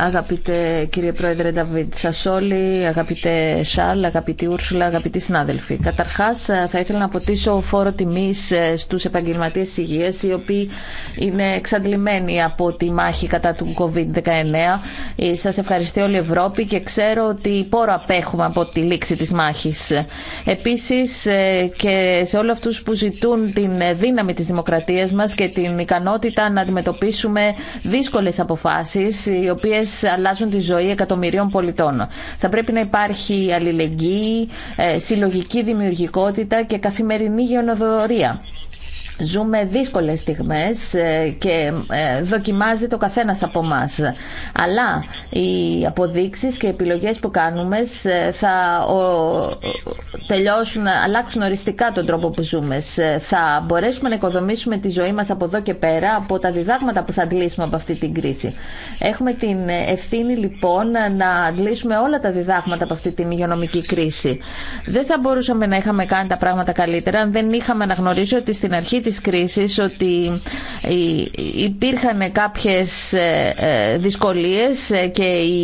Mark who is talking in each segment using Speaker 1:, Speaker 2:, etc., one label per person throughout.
Speaker 1: Αγαπητέ κύριε Πρόεδρε Νταβίτ Σασόλη, αγαπητέ Σαρλ, αγαπητή Ούρσουλα, αγαπητοί συνάδελφοι. Καταρχά, ε, θα ήθελα να αποτίσω φόρο τιμή ε, στου επαγγελματίε υγεία, οι οποίοι είναι εξαντλημένοι από τη μάχη κατά του COVID-19. Ε, Σα ευχαριστώ όλη η Ευρώπη και ξέρω ότι πόρο απέχουμε από τη λήξη τη μάχη. Επίση, και σε όλου αυτού που ζητούν την δύναμη τη δημοκρατία μα και την ικανότητα να αντιμετωπίσουμε δύσκολε αποφάσει, οι οποίε αλλάζουν τη ζωή εκατομμυρίων πολιτών. Θα πρέπει να υπάρχει αλληλεγγύη, ε, συλλογική δημιουργικότητα και καθημερινή γενοδορία. Ζούμε δύσκολες στιγμές ε, και ε, δοκιμάζει το καθένας από μας. Αλλά οι αποδείξεις και οι επιλογές που κάνουμε ε, θα τελειώσουν, αλλάξουν οριστικά τον τρόπο που ζούμε. Θα μπορέσουμε να οικοδομήσουμε τη ζωή μας από εδώ και πέρα από τα διδάγματα που θα αντλήσουμε από αυτή την κρίση. Έχουμε την ευθύνη λοιπόν να αντλήσουμε όλα τα διδάγματα από αυτή την υγειονομική κρίση. Δεν θα μπορούσαμε να είχαμε κάνει τα πράγματα καλύτερα αν δεν είχαμε αναγνωρίσει ότι στην αρχή της κρίσης ότι ε, υπήρχαν κάποιες ε, ε, δυσκολίες και η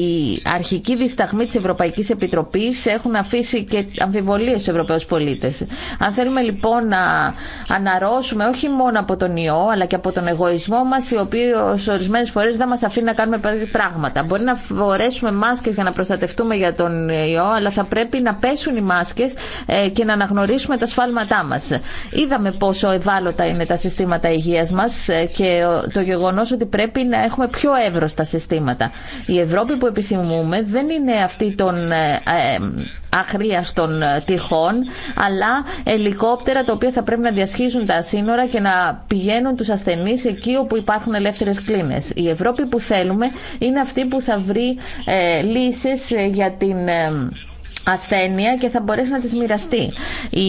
Speaker 1: αρχική δισταγμή της Ευρωπαϊκής Επιτροπής έχουν αφήσει και αμφιβολίες στους Ευρωπαίους πολίτες. Αν θέλουμε λοιπόν να αναρώσουμε όχι μόνο από τον ιό αλλά και από τον εγωισμό μας ο οποίος ορισμένες φορές δεν μας αφήνουν να κάνουμε πράγματα. Μπορεί να φορέσουμε μάσκες για να προστατευτούμε για τον ιό αλλά θα πρέπει να πέσουν οι μάσκες και να αναγνωρίσουμε τα σφάλματά μας. Είδαμε πόσο ευάλωτα είναι τα συστήματα υγεία μα ε, και το γεγονό ότι πρέπει να έχουμε πιο εύρωστα συστήματα. Η Ευρώπη που επιθυμούμε δεν είναι αυτή των ε, ε, αχρίαστων τυχών, αλλά ελικόπτερα τα οποία θα πρέπει να διασχίζουν τα σύνορα και να πηγαίνουν τους ασθενείς εκεί όπου υπάρχουν ελεύθερες κλίνες. Η Ευρώπη που θέλουμε είναι αυτή που θα βρει ε, λύσεις για την... ασθένεια και θα μπορέσει να τις μοιραστεί. Η,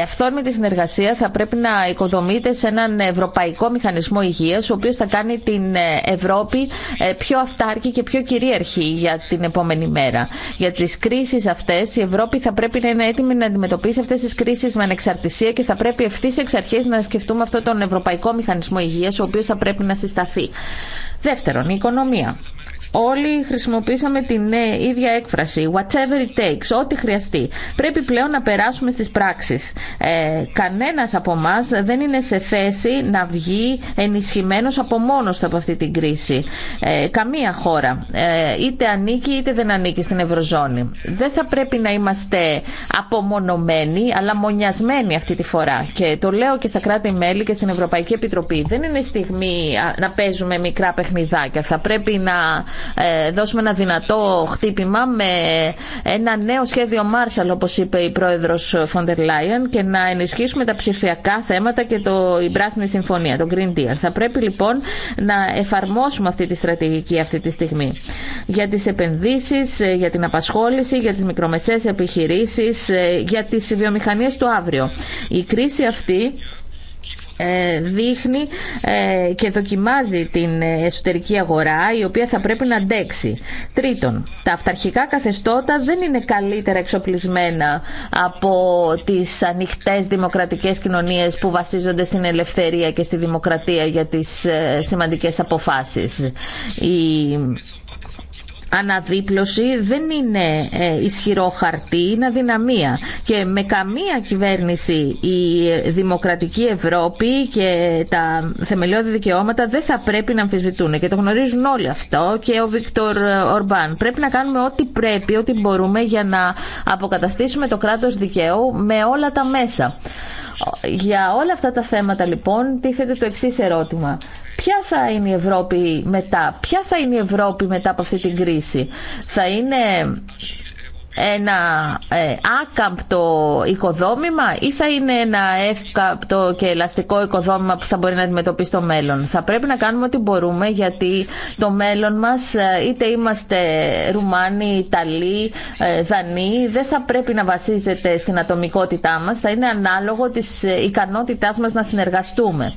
Speaker 1: ευθόρμητη συνεργασία θα πρέπει να οικοδομείται σε έναν ευρωπαϊκό μηχανισμό υγεία, ο οποίο θα κάνει την ε, Ευρώπη ε, πιο αυτάρκη και πιο κυρίαρχη για την επόμενη μέρα. Για τι κρίσει αυτέ, η Ευρώπη θα πρέπει να είναι έτοιμη να αντιμετωπίσει αυτέ τι κρίσει με ανεξαρτησία και θα πρέπει ευθύ εξ αρχή να σκεφτούμε αυτόν τον ευρωπαϊκό μηχανισμό υγεία, ο οποίο θα πρέπει να συσταθεί. Δεύτερον, η οικονομία. Όλοι χρησιμοποίησαμε την ίδια έκφραση, whatever it takes, ό,τι χρειαστεί. Πρέπει πλέον να περάσουμε στις πράξεις. Ε, κανένας από εμά δεν είναι σε θέση να βγει ενισχυμένος από μόνο του από αυτή την κρίση. Ε, καμία χώρα, ε, είτε ανήκει είτε δεν ανήκει στην Ευρωζώνη. Δεν θα πρέπει να είμαστε απομονωμένοι, αλλά μονιασμένοι αυτή τη φορά. Και το λέω και στα κράτη-μέλη και στην Ευρωπαϊκή Επιτροπή. Δεν είναι στιγμή να παίζουμε μικρά παιχνιδάκια. Θα πρέπει να ε, δώσουμε ένα δυνατό χτύπημα με ένα νέο σχέδιο Marshall, όπως είπε η πρόεδρος Φοντερ Λάιον, και να ενισχύσουμε τα ψηφιακά θέματα και το, η πράσινη συμφωνία, το Green Deal. Θα πρέπει λοιπόν να εφαρμόσουμε αυτή τη στρατηγική αυτή τη στιγμή. Για τις επενδύσεις, ε, για την απασχόληση, για τις μικρομεσαίες επιχειρήσεις, ε, για τις βιομηχανίες του αύριο. Η κρίση αυτή ε, δείχνει ε, και δοκιμάζει την εσωτερική αγορά η οποία θα πρέπει να αντέξει. Τρίτον, τα αυταρχικά καθεστώτα δεν είναι καλύτερα εξοπλισμένα από τις ανοιχτές δημοκρατικές κοινωνίες που βασίζονται στην ελευθερία και στη δημοκρατία για τις ε, σημαντικές αποφάσεις αναδίπλωση δεν είναι ε, ισχυρό χαρτί, είναι αδυναμία. Και με καμία κυβέρνηση η δημοκρατική Ευρώπη και τα θεμελιώδη δικαιώματα δεν θα πρέπει να αμφισβητούν. Και το γνωρίζουν όλοι αυτό και ο Βίκτορ Ορμπάν. Πρέπει να κάνουμε ό,τι πρέπει, ό,τι μπορούμε για να αποκαταστήσουμε το κράτος δικαίου με όλα τα μέσα. Για όλα αυτά τα θέματα λοιπόν τίθεται το εξή ερώτημα. Ποια θα είναι η Ευρώπη μετά, ποια θα είναι η Ευρώπη μετά από αυτή την κρίση. Θα είναι ένα ε, άκαμπτο οικοδόμημα ή θα είναι ένα εύκαμπτο και ελαστικό οικοδόμημα που θα μπορεί να αντιμετωπίσει το μέλλον. Θα πρέπει να κάνουμε ό,τι μπορούμε γιατί το μέλλον μας, ε, είτε είμαστε Ρουμάνοι, Ιταλοί, ε, Δανείοι, δεν θα πρέπει να βασίζεται στην ατομικότητά μας, θα είναι ανάλογο της ε, ικανότητάς μας να συνεργαστούμε.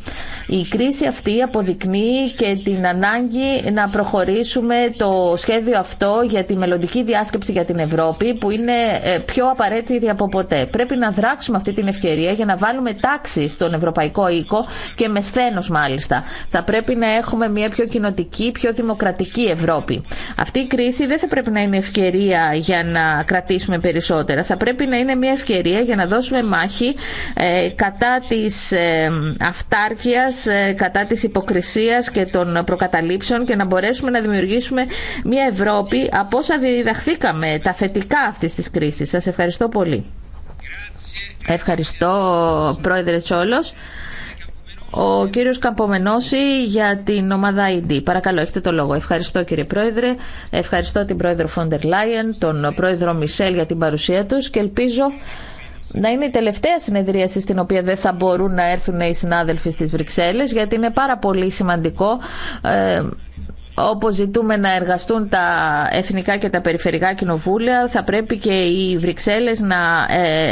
Speaker 1: Η κρίση αυτή αποδεικνύει και την ανάγκη να προχωρήσουμε το σχέδιο αυτό για τη μελλοντική διάσκεψη για την Ευρώπη που είναι ε, πιο απαραίτητη από ποτέ. Πρέπει να δράξουμε αυτή την ευκαιρία για να βάλουμε τάξη στον ευρωπαϊκό οίκο και με σθένος μάλιστα. Θα πρέπει να έχουμε μια πιο κοινοτική, πιο δημοκρατική Ευρώπη. Αυτή η κρίση δεν θα πρέπει να είναι ευκαιρία για να κρατήσουμε περισσότερα. Θα πρέπει να είναι μια ευκαιρία για να δώσουμε μάχη ε, κατά της ε, αυτάρκειας, κατά της υποκρισίας και των προκαταλήψεων και να μπορέσουμε να δημιουργήσουμε μια Ευρώπη από όσα διδαχθήκαμε τα θετικά μετά αυτής της κρίσης. Σας ευχαριστώ πολύ. Ευχαριστώ πρόεδρε Τσόλο, Ο κύριος Καμπομενώση για την ομάδα ID. Παρακαλώ, έχετε το λόγο. Ευχαριστώ κύριε Πρόεδρε, ευχαριστώ την Πρόεδρο Φόντερ Λάιεν, τον Πρόεδρο Μισελ για την παρουσία τους και ελπίζω να είναι η τελευταία συνεδρίαση στην οποία δεν θα μπορούν να έρθουν οι συνάδελφοι στις Βρυξέλλες γιατί είναι πάρα πολύ σημαντικό ε, όπως ζητούμε να εργαστούν τα εθνικά και τα περιφερικά κοινοβούλια, θα πρέπει και οι Βρυξέλλες να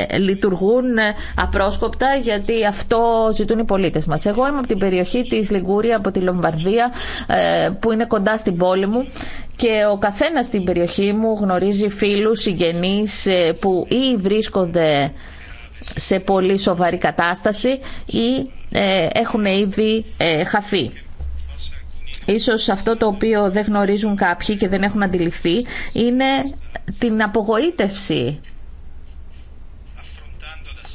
Speaker 1: ε, λειτουργούν ε, απρόσκοπτα, γιατί αυτό ζητούν οι πολίτες μας. Εγώ είμαι από την περιοχή της Λιγκούρια, από τη Λομβαρδία, ε, που είναι κοντά στην πόλη μου και ο καθένας στην περιοχή μου γνωρίζει φίλους, συγγενείς που ή βρίσκονται σε πολύ σοβαρή κατάσταση ή έχουν ήδη ε, χαθεί. Ίσως αυτό το οποίο δεν γνωρίζουν κάποιοι και δεν έχουν αντιληφθεί είναι την απογοήτευση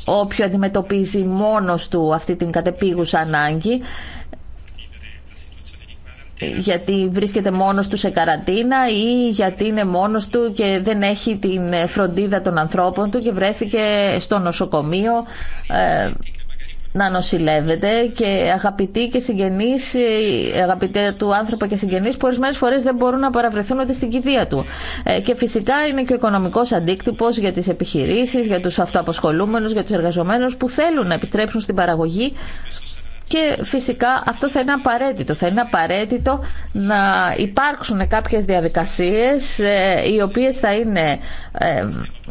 Speaker 1: όποιο αντιμετωπίζει μόνος του αυτή την κατεπίγουσα ανάγκη γιατί βρίσκεται μόνος του σε καραντίνα ή γιατί είναι μόνος του και δεν έχει την φροντίδα των ανθρώπων του και βρέθηκε στο νοσοκομείο ε, να νοσηλεύεται και αγαπητοί και συγγενείς, ε, αγαπητέ του άνθρωπα και συγγενείς που ορισμένε φορές δεν μπορούν να παραβρεθούν ότι στην κηδεία του. Ε, και φυσικά είναι και ο οικονομικός αντίκτυπος για τις επιχειρήσεις, για τους αυτοαποσχολούμενους, για τους εργαζομένους που θέλουν να επιστρέψουν στην παραγωγή και φυσικά αυτό θα είναι απαραίτητο. Θα είναι απαραίτητο να υπάρξουν κάποιες διαδικασίες ε, οι οποίες θα είναι ε,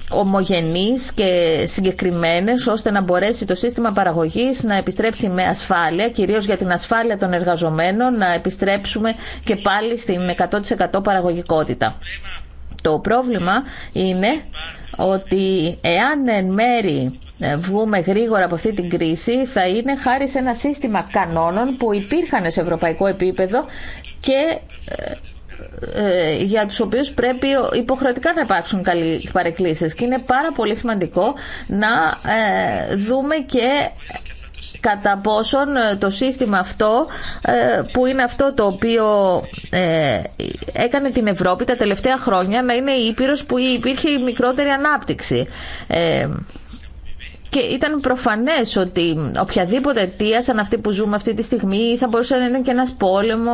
Speaker 1: ομογενείς και συγκεκριμένες ώστε να μπορέσει το σύστημα παραγωγής να επιστρέψει με ασφάλεια, κυρίως για την ασφάλεια των εργαζομένων, να επιστρέψουμε και πάλι στην 100% παραγωγικότητα. Το πρόβλημα είναι ότι εάν εν μέρη ε, βγούμε γρήγορα από αυτή την κρίση θα είναι χάρη σε ένα σύστημα κανόνων που υπήρχαν σε ευρωπαϊκό επίπεδο και ε, ε, για τους οποίους πρέπει υποχρεωτικά να υπάρξουν καλοί παρεκκλήσεις και είναι πάρα πολύ σημαντικό να δούμε και κατά πόσον το σύστημα αυτό που είναι αυτό το οποίο έκανε την Ευρώπη τα τελευταία χρόνια να είναι η Ήπειρος που υπήρχε η μικρότερη ανάπτυξη. Και ήταν προφανέ ότι οποιαδήποτε αιτία, σαν αυτή που ζούμε αυτή τη στιγμή, θα μπορούσε να ήταν και ένα πόλεμο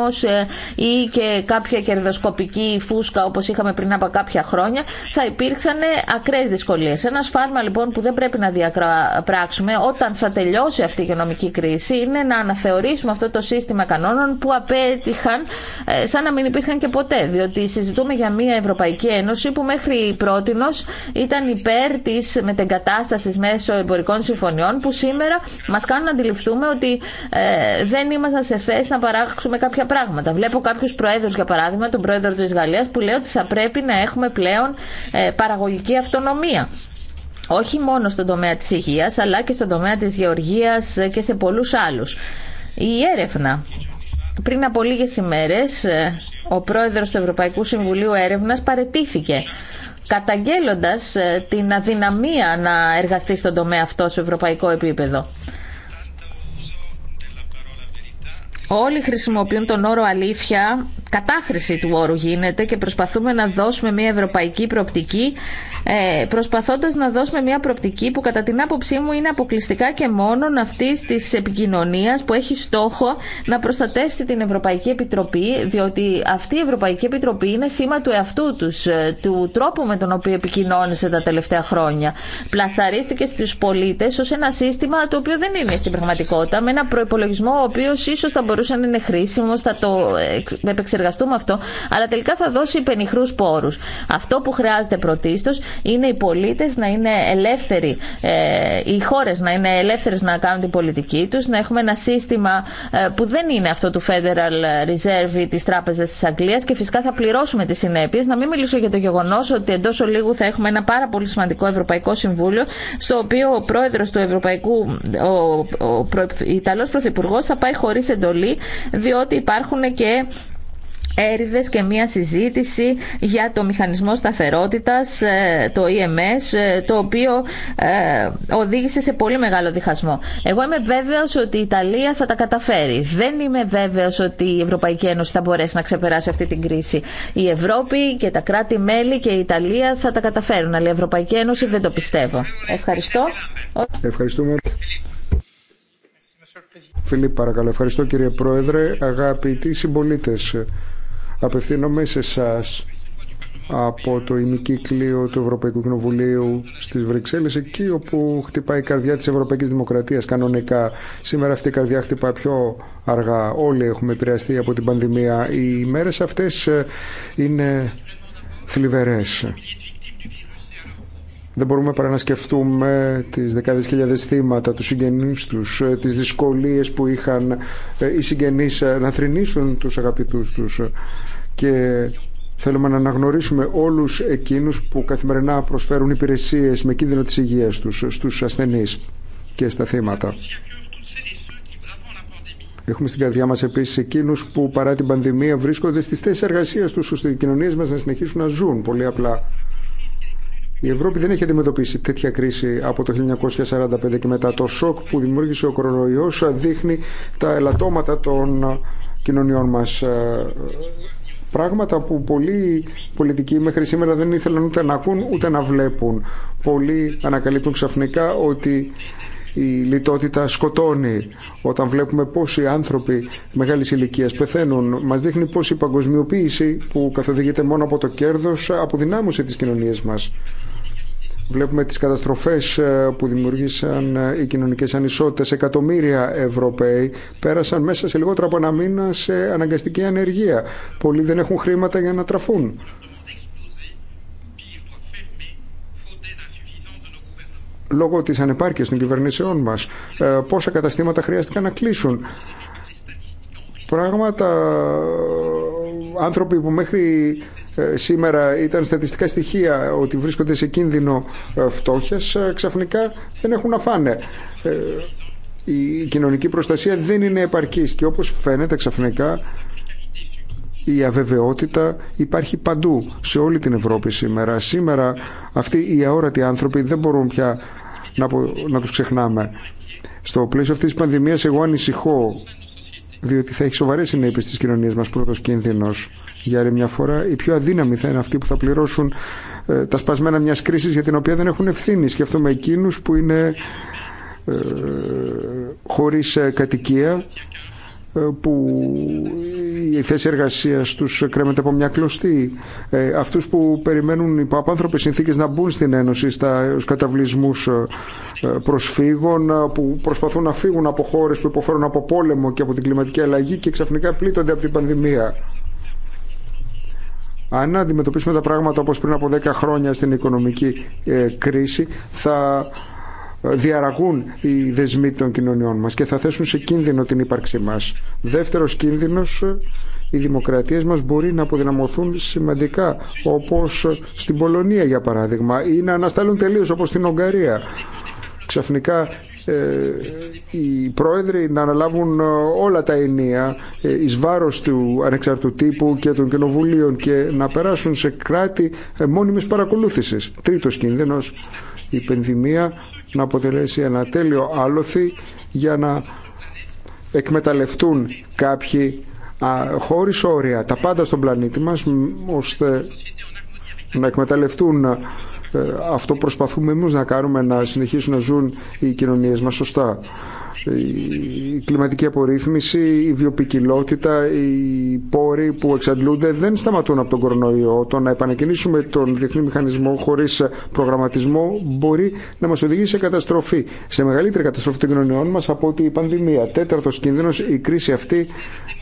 Speaker 1: ε, ή και κάποια κερδοσκοπική φούσκα όπω είχαμε πριν από κάποια χρόνια, θα υπήρξαν ακραίε δυσκολίε. Ένα σφάλμα λοιπόν που δεν πρέπει να διαπράξουμε όταν θα τελειώσει αυτή η οικονομική κρίση είναι να αναθεωρήσουμε αυτό το σύστημα κανόνων που απέτυχαν ε, σαν να μην υπήρχαν και ποτέ. Διότι συζητούμε για μια Ευρωπαϊκή Ένωση που μέχρι πρώτη ήταν υπέρ τη μετεγκατάσταση μέσω εμπορικών συμφωνιών που σήμερα μας κάνουν να αντιληφθούμε ότι ε, δεν ήμασταν σε θέση να παράξουμε κάποια πράγματα. Βλέπω κάποιους προέδρους, για παράδειγμα, τον πρόεδρο της Γαλλίας που λέει ότι θα πρέπει να έχουμε πλέον ε, παραγωγική αυτονομία όχι μόνο στον τομέα της υγείας αλλά και στον τομέα της γεωργίας ε, και σε πολλούς άλλους. Η έρευνα. Πριν από λίγες ημέρες ο πρόεδρος του Ευρωπαϊκού Συμβουλίου Έρευνας παρετήθηκε καταγγέλλοντας ε, την αδυναμία να εργαστεί στον τομέα αυτό σε ευρωπαϊκό επίπεδο. Όλοι χρησιμοποιούν τον όρο αλήθεια, κατάχρηση του όρου γίνεται και προσπαθούμε να δώσουμε μια ευρωπαϊκή προοπτική ε, προσπαθώντας να δώσουμε μια προοπτική που κατά την άποψή μου είναι αποκλειστικά και μόνον αυτή της επικοινωνία που έχει στόχο να προστατεύσει την Ευρωπαϊκή Επιτροπή διότι αυτή η Ευρωπαϊκή Επιτροπή είναι θύμα του εαυτού τους, ε, του τρόπου με τον οποίο επικοινώνησε τα τελευταία χρόνια. Πλασαρίστηκε στους πολίτες ως ένα σύστημα το οποίο δεν είναι στην πραγματικότητα με ένα προπολογισμό ο ίσως θα μπορούσε μπορούσε να είναι χρήσιμο, θα το επεξεργαστούμε αυτό, αλλά τελικά θα δώσει πενιχρούς πόρου. Αυτό που χρειάζεται πρωτίστω είναι οι πολίτες να είναι ελεύθεροι, ε, οι χώρες να είναι ελεύθερες να κάνουν την πολιτική του να έχουμε ένα σύστημα ε, που δεν είναι αυτό του Federal Reserve ή της Τράπεζας της Αγγλίας και φυσικά θα πληρώσουμε τι συνέπειε. Να μην μιλήσω για το γεγονό ότι εντό ολίγου θα έχουμε ένα πάρα πολύ σημαντικό Ευρωπαϊκό Συμβούλιο στο οποίο ο πρόεδρο του Ευρωπαϊκού, ο, ο, θα πάει χωρί εντολή διότι υπάρχουν και έρηδες και μία συζήτηση για το μηχανισμό σταθερότητας, ε, το EMS, ε, το οποίο ε, οδήγησε σε πολύ μεγάλο διχασμό. Εγώ είμαι βέβαιος ότι η Ιταλία θα τα καταφέρει. Δεν είμαι βέβαιος ότι η Ευρωπαϊκή Ένωση θα μπορέσει να ξεπεράσει αυτή την κρίση. Η Ευρώπη και τα κράτη-μέλη και η Ιταλία θα τα καταφέρουν, αλλά η Ευρωπαϊκή Ένωση δεν το πιστεύω. Ευχαριστώ.
Speaker 2: Ευχαριστούμε. Φίλοι, παρακαλώ. Ευχαριστώ κύριε Πρόεδρε. Αγαπητοί συμπολίτε, απευθύνομαι σε εσά από το ημικύκλιο του Ευρωπαϊκού Κοινοβουλίου στις Βρυξέλλες, εκεί όπου χτυπάει η καρδιά της Ευρωπαϊκής Δημοκρατίας κανονικά. Σήμερα αυτή η καρδιά χτυπά πιο αργά. Όλοι έχουμε επηρεαστεί από την πανδημία. Οι μέρες αυτές ε, είναι θλιβερές. Δεν μπορούμε παρά να σκεφτούμε τις δεκάδες χιλιάδες θύματα, τους συγγενείς τους, ε, τις δυσκολίες που είχαν ε, οι συγγενείς ε, να θρηνήσουν τους αγαπητούς τους και θέλουμε να αναγνωρίσουμε όλους εκείνους που καθημερινά προσφέρουν υπηρεσίες με κίνδυνο της υγείας τους στους ασθενείς και στα θύματα. Έχουμε στην καρδιά μας επίσης εκείνους που παρά την πανδημία βρίσκονται στις θέσεις εργασίας του ώστε οι κοινωνίες μας να συνεχίσουν να ζουν πολύ απλά. Η Ευρώπη δεν έχει αντιμετωπίσει τέτοια κρίση από το 1945 και μετά. Το σοκ που δημιούργησε ο κορονοϊός δείχνει τα ελαττώματα των κοινωνιών μας. Ε, πράγματα που πολλοί πολιτικοί μέχρι σήμερα δεν ήθελαν ούτε να ακούν ούτε να βλέπουν. Πολλοί ανακαλύπτουν ξαφνικά ότι η λιτότητα σκοτώνει όταν βλέπουμε πόσοι άνθρωποι μεγάλη ηλικία πεθαίνουν. Μα δείχνει πω η παγκοσμιοποίηση που καθοδηγείται μόνο από το κέρδο αποδυνάμωσε τις κοινωνίες μα. Βλέπουμε τις καταστροφές ε, που δημιουργήσαν ε, οι κοινωνικές ανισότητες. Εκατομμύρια Ευρωπαίοι πέρασαν μέσα σε λιγότερο από ένα μήνα σε αναγκαστική ανεργία. Πολλοί δεν έχουν χρήματα για να τραφούν. λόγω της ανεπάρκειας των κυβερνήσεών μας, ε, πόσα καταστήματα χρειάστηκαν να κλείσουν. Πράγματα, ε, άνθρωποι που μέχρι ε, σήμερα ήταν στατιστικά στοιχεία ότι βρίσκονται σε κίνδυνο φτώχειας, ξαφνικά δεν έχουν να φάνε. Η κοινωνική προστασία δεν είναι επαρκής και όπως φαίνεται ξαφνικά η αβεβαιότητα υπάρχει παντού, σε όλη την Ευρώπη σήμερα. Σήμερα αυτοί οι αόρατοι άνθρωποι δεν μπορούν πια να, να τους ξεχνάμε. Στο πλαίσιο αυτής της πανδημίας εγώ ανησυχώ, διότι θα έχει σοβαρές συνέπειες στις κοινωνίες μας πρώτος κίνδυνος. Για άλλη μια φορά, οι πιο αδύναμοι θα είναι αυτοί που θα πληρώσουν ε, τα σπασμένα μια κρίσης για την οποία δεν έχουν ευθύνη. Σκέφτομαι εκείνους που είναι ε, χωρίς ε, κατοικία, ε, που η θέση εργασία του κρέμεται από μια κλωστή. Ε, Αυτού που περιμένουν υπό απάνθρωπε συνθήκε να μπουν στην Ένωση, στου καταβλισμού ε, προσφύγων, που προσπαθούν να φύγουν από χώρε που υποφέρουν από πόλεμο και από την κλιματική αλλαγή και ξαφνικά πλήττονται από την πανδημία. Αν αντιμετωπίσουμε τα πράγματα όπως πριν από 10 χρόνια στην οικονομική κρίση, θα διαραγούν οι δεσμοί των κοινωνιών μας και θα θέσουν σε κίνδυνο την ύπαρξή μας. Δεύτερος κίνδυνος, οι δημοκρατίες μας μπορεί να αποδυναμωθούν σημαντικά, όπως στην Πολωνία για παράδειγμα, ή να ανασταλούν τελείως όπως στην Ουγγαρία. Ξαφνικά ε, οι πρόεδροι να αναλάβουν ε, όλα τα ενία ε, εις βάρος του ανεξαρτητού τύπου και των κοινοβουλίων και να περάσουν σε κράτη μόνιμης παρακολούθησης. Τρίτος κίνδυνος, η πενδημία να αποτελέσει ένα τέλειο άλοθη για να εκμεταλλευτούν κάποιοι α, χωρίς όρια τα πάντα στον πλανήτη μας ώστε να εκμεταλλευτούν ε, αυτό προσπαθούμε εμείς να κάνουμε να συνεχίσουν να ζουν οι κοινωνίες μας σωστά η κλιματική απορρίθμιση, η βιοπικιλότητα, οι πόροι που εξαντλούνται δεν σταματούν από τον κορονοϊό. Το να επανακινήσουμε τον διεθνή μηχανισμό χωρίς προγραμματισμό μπορεί να μας οδηγήσει σε καταστροφή, σε μεγαλύτερη καταστροφή των κοινωνιών μας από ότι η πανδημία. Τέταρτος κίνδυνο, η κρίση αυτή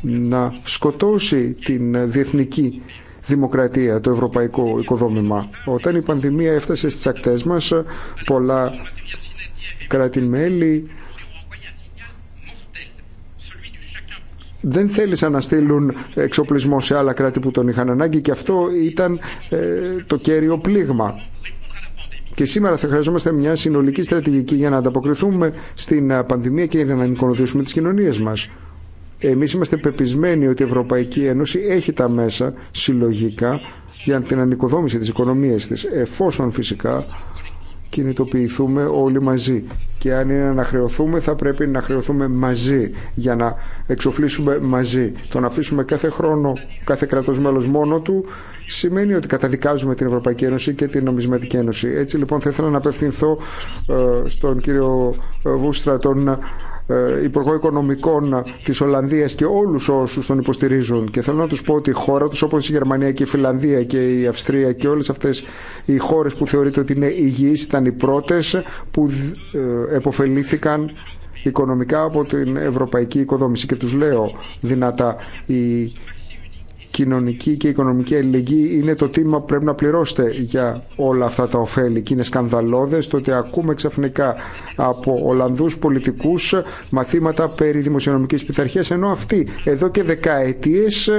Speaker 2: να σκοτώσει την διεθνική δημοκρατία, το ευρωπαϊκό οικοδόμημα. Όταν η πανδημία έφτασε στις ακτέ μας, πολλά κράτη-μέλη δεν θέλησαν να στείλουν εξοπλισμό σε άλλα κράτη που τον είχαν ανάγκη και αυτό ήταν ε, το κέριο πλήγμα. Και σήμερα θα χρειαζόμαστε μια συνολική στρατηγική για να ανταποκριθούμε στην ε, πανδημία και για να εικονοδίσουμε τις κοινωνίες μας. Εμείς είμαστε πεπισμένοι ότι η Ευρωπαϊκή Ένωση έχει τα μέσα συλλογικά για την ανοικοδόμηση της οικονομίας της, εφόσον φυσικά κινητοποιηθούμε όλοι μαζί. Και αν είναι να χρεωθούμε, θα πρέπει να χρεωθούμε μαζί για να εξοφλήσουμε μαζί. Το να αφήσουμε κάθε χρόνο, κάθε κρατό μέλο μόνο του, σημαίνει ότι καταδικάζουμε την Ευρωπαϊκή Ένωση και την Νομισματική Ένωση. Έτσι λοιπόν θα ήθελα να απευθυνθώ ε, στον κύριο ε, Βούστρα, τον ε, Υπουργό Οικονομικών τη Ολλανδία και όλου όσου τον υποστηρίζουν. Και θέλω να του πω ότι η χώρα του, όπω η Γερμανία και η Φιλανδία και η Αυστρία και όλε αυτέ οι χώρε που θεωρείται ότι είναι υγιεί, ήταν οι πρώτε που ε, επωφελήθηκαν οικονομικά από την ευρωπαϊκή οικοδόμηση. Και του λέω δυνατά, η κοινωνική και οικονομική αλληλεγγύη είναι το τίμημα που πρέπει να πληρώσετε για όλα αυτά τα ωφέλη. Και είναι σκανδαλώδες το ότι ακούμε ξαφνικά από Ολλανδούς πολιτικούς μαθήματα περί δημοσιονομικής πειθαρχίας, ενώ αυτοί εδώ και δεκαετίες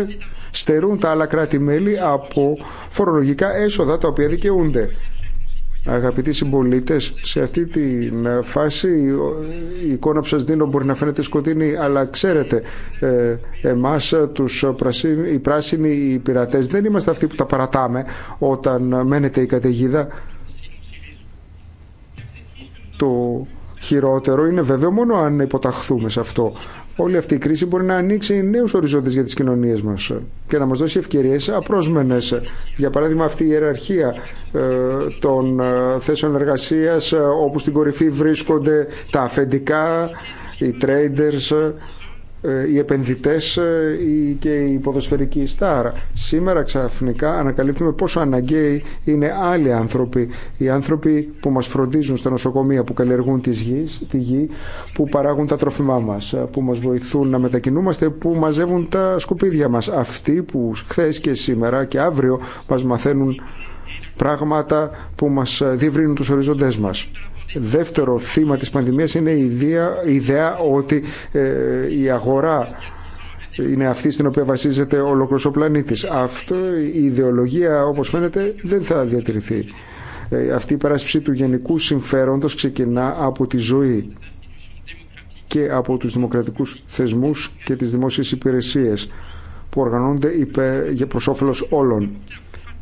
Speaker 2: στερούν τα άλλα κράτη-μέλη από φορολογικά έσοδα τα οποία δικαιούνται. Αγαπητοί συμπολίτε, σε αυτή τη ε, φάση η εικόνα που σα δίνω μπορεί να φαίνεται σκοτεινή, αλλά ξέρετε, ε, εμά ε, οι πράσινοι, οι πειρατέ δεν είμαστε αυτοί που τα παρατάμε όταν μένεται η καταιγίδα. Το χειρότερο είναι βέβαιο μόνο αν υποταχθούμε σε αυτό όλη αυτή η κρίση μπορεί να ανοίξει νέους οριζόντες για τις κοινωνίες μας και να μας δώσει ευκαιρίες απρόσμενες. Για παράδειγμα αυτή η ιεραρχία ε, των ε, θέσεων εργασίας ε, όπου στην κορυφή βρίσκονται τα αφεντικά, οι traders, ε, οι επενδυτές ε, και οι ποδοσφαιρικοί στάρα. Σήμερα ξαφνικά ανακαλύπτουμε πόσο αναγκαίοι είναι άλλοι άνθρωποι. Οι άνθρωποι που μας φροντίζουν στα νοσοκομεία, που καλλιεργούν τη γη, τη γη που παράγουν τα τροφιμά μας, ε, που μας βοηθούν να μετακινούμαστε, που μαζεύουν τα σκουπίδια μας. Αυτοί που χθε και σήμερα και αύριο μας μαθαίνουν πράγματα που μας διευρύνουν τους οριζοντές μας δεύτερο θύμα της πανδημίας είναι η ιδέα, ότι ε, η αγορά είναι αυτή στην οποία βασίζεται ολόκληρος ο πλανήτης. Αυτό η ιδεολογία όπως φαίνεται δεν θα διατηρηθεί. Ε, αυτή η περάσπιση του γενικού συμφέροντος ξεκινά από τη ζωή και από τους δημοκρατικούς θεσμούς και τις δημόσιες υπηρεσίες που οργανώνονται για προς όφελος όλων.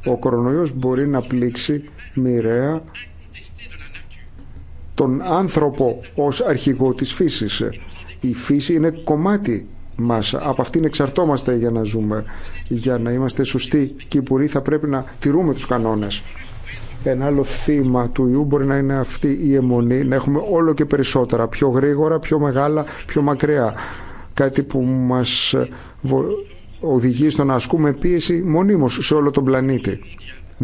Speaker 2: Ο κορονοϊός μπορεί να πλήξει μοιραία τον άνθρωπο ως αρχηγό της φύσης. Η φύση είναι κομμάτι μας. Από αυτήν εξαρτόμαστε για να ζούμε. Για να είμαστε σωστοί και οι θα πρέπει να τηρούμε τους κανόνες. Ένα άλλο θύμα του ιού μπορεί να είναι αυτή η αιμονή, να έχουμε όλο και περισσότερα, πιο γρήγορα, πιο μεγάλα, πιο μακριά. Κάτι που μας ε, οδηγεί στο να ασκούμε πίεση μονίμως σε όλο τον πλανήτη.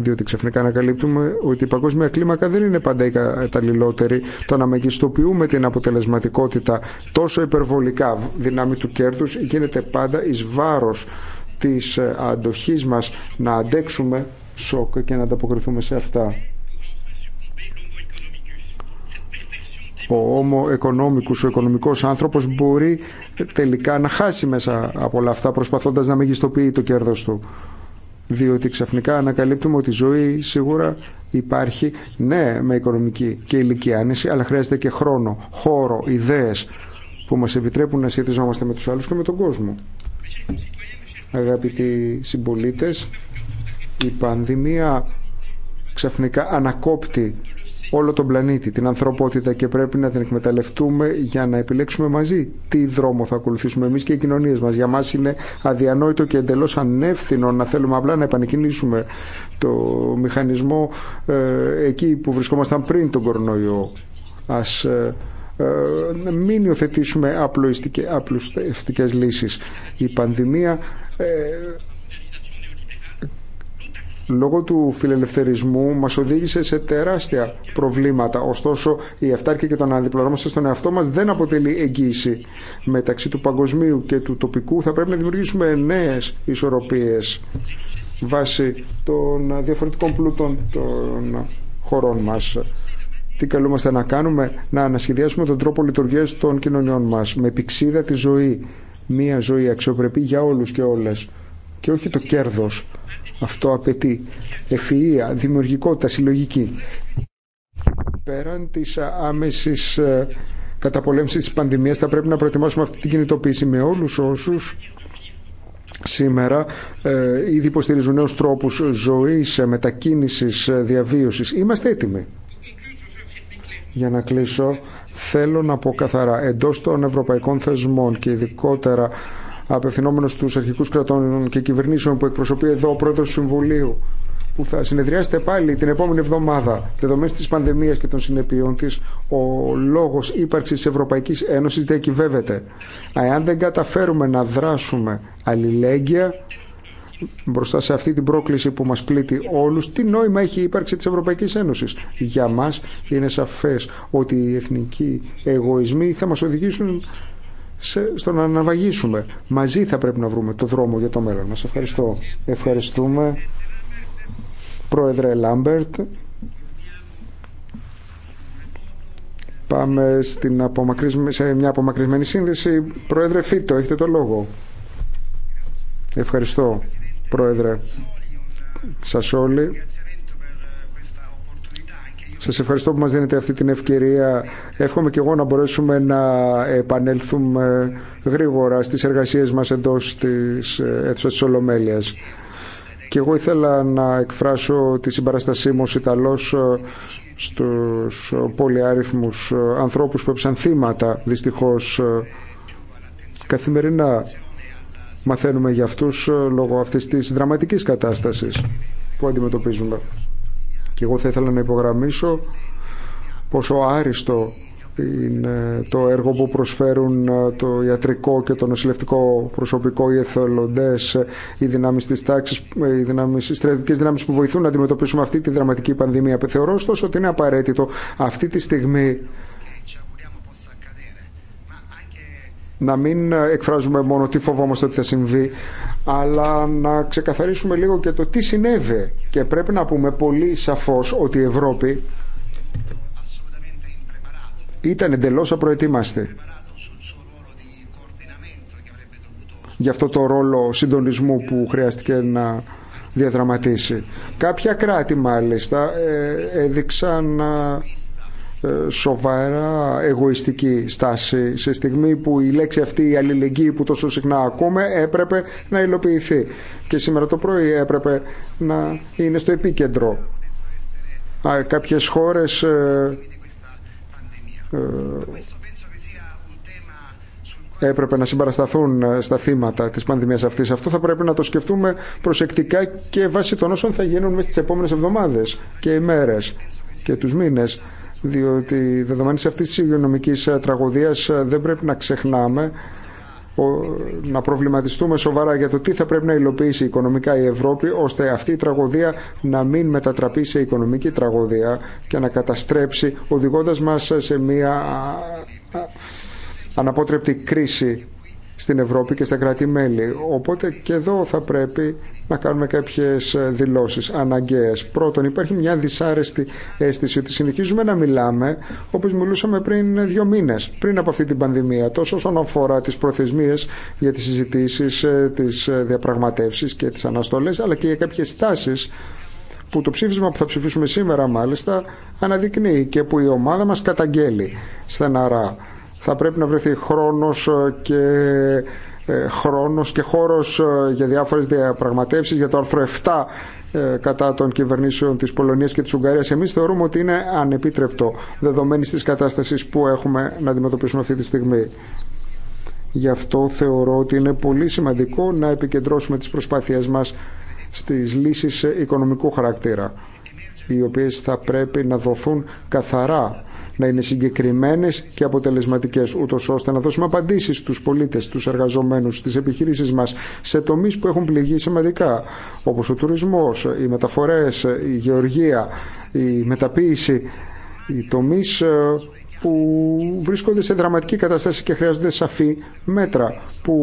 Speaker 2: Διότι ξαφνικά ανακαλύπτουμε ότι η παγκόσμια κλίμακα δεν είναι πάντα η καταλληλότερη. Το να μεγιστοποιούμε την αποτελεσματικότητα τόσο υπερβολικά δυνάμει του κέρδους γίνεται πάντα εις βάρος της ε, αντοχής μας να αντέξουμε σοκ και να ανταποκριθούμε σε αυτά. ο όμο οικονομικός, ο οικονομικός άνθρωπος μπορεί τελικά να χάσει μέσα από όλα αυτά προσπαθώντας να μεγιστοποιεί το κέρδος του διότι ξαφνικά ανακαλύπτουμε ότι η ζωή σίγουρα υπάρχει, ναι, με οικονομική και ηλική άνεση, αλλά χρειάζεται και χρόνο, χώρο, ιδέες που μας επιτρέπουν να σχετιζόμαστε με τους άλλους και με τον κόσμο. Αγαπητοί συμπολίτες, η πανδημία ξαφνικά ανακόπτει όλο τον πλανήτη, την ανθρωπότητα και πρέπει να την εκμεταλλευτούμε για να επιλέξουμε μαζί τι δρόμο θα ακολουθήσουμε εμείς και οι κοινωνίες μας. Για μας είναι αδιανόητο και εντελώς ανεύθυνο να θέλουμε απλά να επανεκκινήσουμε το μηχανισμό ε, εκεί που βρισκόμασταν πριν τον κορονοϊό. Ας ε, ε, μην υιοθετήσουμε απλουστικές λύσεις. Η πανδημία λόγω του φιλελευθερισμού μας οδήγησε σε τεράστια προβλήματα. Ωστόσο, η αυτάρκεια και το να αντιπλανόμαστε στον εαυτό μας δεν αποτελεί εγγύηση. Μεταξύ του παγκοσμίου και του τοπικού θα πρέπει να δημιουργήσουμε νέες ισορροπίες βάσει των διαφορετικών πλούτων των χωρών μας. Τι καλούμαστε να κάνουμε, να ανασχεδιάσουμε τον τρόπο λειτουργία των κοινωνιών μα, με πηξίδα τη ζωή, μία ζωή αξιοπρεπή για όλου και όλε. και όχι το κέρδος αυτό απαιτεί ευφυΐα, δημιουργικότητα, συλλογική. Πέραν της άμεσης ε, καταπολέμησης της πανδημίας θα πρέπει να προετοιμάσουμε αυτή την κινητοποίηση με όλους όσους σήμερα ε, ήδη υποστηρίζουν νέους τρόπους ζωής, ε, μετακίνησης, διαβίωσης. Είμαστε έτοιμοι. Για να κλείσω, θέλω να πω καθαρά, εντός των ευρωπαϊκών θεσμών και ειδικότερα απευθυνόμενο στους αρχικού κρατών και κυβερνήσεων που εκπροσωπεί εδώ ο πρόεδρος του Συμβουλίου που θα συνεδριάσετε πάλι την επόμενη εβδομάδα δεδομένη τη πανδημία και των συνεπειών τη, ο λόγο ύπαρξη της Ευρωπαϊκής Ένωσης διακυβεύεται. Αν δεν καταφέρουμε να δράσουμε αλληλέγγυα μπροστά σε αυτή την πρόκληση που μας πλήττει όλους, τι νόημα έχει η ύπαρξη της Ευρωπαϊκής Ένωσης. Για μας είναι σαφές ότι οι εθνικοί εγωισμοί θα μας οδηγήσουν στο να αναβαγίσουμε. Μαζί θα πρέπει να βρούμε το δρόμο για το μέλλον μας. Ευχαριστώ. Ευχαριστούμε. Πρόεδρε Λάμπερτ. Πάμε στην απομακρυσμένη, σε μια απομακρυσμένη σύνδεση. Πρόεδρε Φίτο, έχετε το λόγο. Ευχαριστώ, Πρόεδρε. Σας όλοι. Σας ευχαριστώ που μας δίνετε αυτή την ευκαιρία. Εύχομαι και εγώ να μπορέσουμε να επανέλθουμε γρήγορα στις εργασίες μας εντός της αίθουσα της Ολομέλειας. Και εγώ ήθελα να εκφράσω τη συμπαραστασή μου ως Ιταλός ε, στους πολυάριθμους ε, ανθρώπους που έψαν θύματα δυστυχώς ε, καθημερινά μαθαίνουμε για αυτούς λόγω αυτής της δραματικής κατάστασης που αντιμετωπίζουμε. Και εγώ θα ήθελα να υπογραμμίσω πόσο άριστο είναι το έργο που προσφέρουν ε, το ιατρικό και το νοσηλευτικό προσωπικό, οι εθελοντές, οι δυνάμεις της τάξης, ε, οι, δυνάμεις, οι στρατιωτικές δυνάμεις που βοηθούν να αντιμετωπίσουμε αυτή τη δραματική πανδημία. Θεωρώ ωστόσο ότι είναι απαραίτητο αυτή τη στιγμή να μην ε, εκφράζουμε μόνο τι φοβόμαστε ότι θα συμβεί, αλλά να ξεκαθαρίσουμε λίγο και το τι συνέβη. Και πρέπει να πούμε πολύ σαφώς ότι η Ευρώπη ήταν εντελώς απροετοίμαστη για αυτό το ρόλο συντονισμού που χρειάστηκε να διαδραματίσει. Κάποια κράτη μάλιστα ε, έδειξαν ε, ε, σοβαρά εγωιστική στάση σε στιγμή που η λέξη αυτή η αλληλεγγύη που τόσο συχνά ακούμε έπρεπε να υλοποιηθεί και σήμερα το πρωί έπρεπε να είναι στο επίκεντρο κάποιες χώρες ε, ε, έπρεπε να συμπαρασταθούν στα θύματα της πανδημίας αυτής. Αυτό θα πρέπει να το σκεφτούμε προσεκτικά και βάσει των όσων θα γίνουν μέσα στις επόμενες εβδομάδες και ημέρες και τους μήνες διότι δεδομένης αυτής της υγειονομικής ε, τραγωδίας ε, δεν πρέπει να ξεχνάμε να προβληματιστούμε σοβαρά για το τι θα πρέπει να υλοποιήσει οικονομικά η Ευρώπη ώστε αυτή η τραγωδία να μην μετατραπεί σε οικονομική τραγωδία και να καταστρέψει οδηγώντας μας σε μια αναπότρεπτη κρίση στην Ευρώπη και στα κράτη-μέλη. Οπότε και εδώ θα πρέπει να κάνουμε κάποιες ε, δηλώσεις αναγκαίες. Πρώτον, υπάρχει μια δυσάρεστη αίσθηση ότι συνεχίζουμε να μιλάμε όπως μιλούσαμε πριν ε, δύο μήνες, πριν από αυτή την πανδημία, τόσο όσον αφορά τις προθεσμίες για τις συζητήσεις, ε, τις διαπραγματεύσεις και τις αναστολές, αλλά και για κάποιες στάσεις που το ψήφισμα που θα ψηφίσουμε σήμερα μάλιστα αναδεικνύει και που η ομάδα μας καταγγέλει στεναρά θα πρέπει να βρεθεί χρόνος ε, και ε, χρόνος και χώρος ε, για διάφορες διαπραγματεύσεις για το άρθρο 7 κατά των κυβερνήσεων της Πολωνίας και της Ουγγαρίας. Εμείς θεωρούμε ότι είναι ανεπίτρεπτο δεδομένη της κατάστασης που έχουμε να αντιμετωπίσουμε αυτή τη στιγμή. Γι' αυτό θεωρώ ότι είναι πολύ σημαντικό να επικεντρώσουμε τις προσπάθειές μας στις λύσεις οικονομικού χαρακτήρα οι οποίες θα πρέπει να δοθούν καθαρά να είναι συγκεκριμένε και αποτελεσματικές, ούτω ώστε να δώσουμε απαντήσεις στους πολίτες, στους εργαζομένους, στι επιχειρήσεις μας, σε τομείς που έχουν πληγεί σημαντικά, όπως ο τουρισμός, οι μεταφορέ, η γεωργία, η μεταποίηση, οι τομείς ε, που βρίσκονται σε δραματική κατάσταση και χρειάζονται σαφή μέτρα που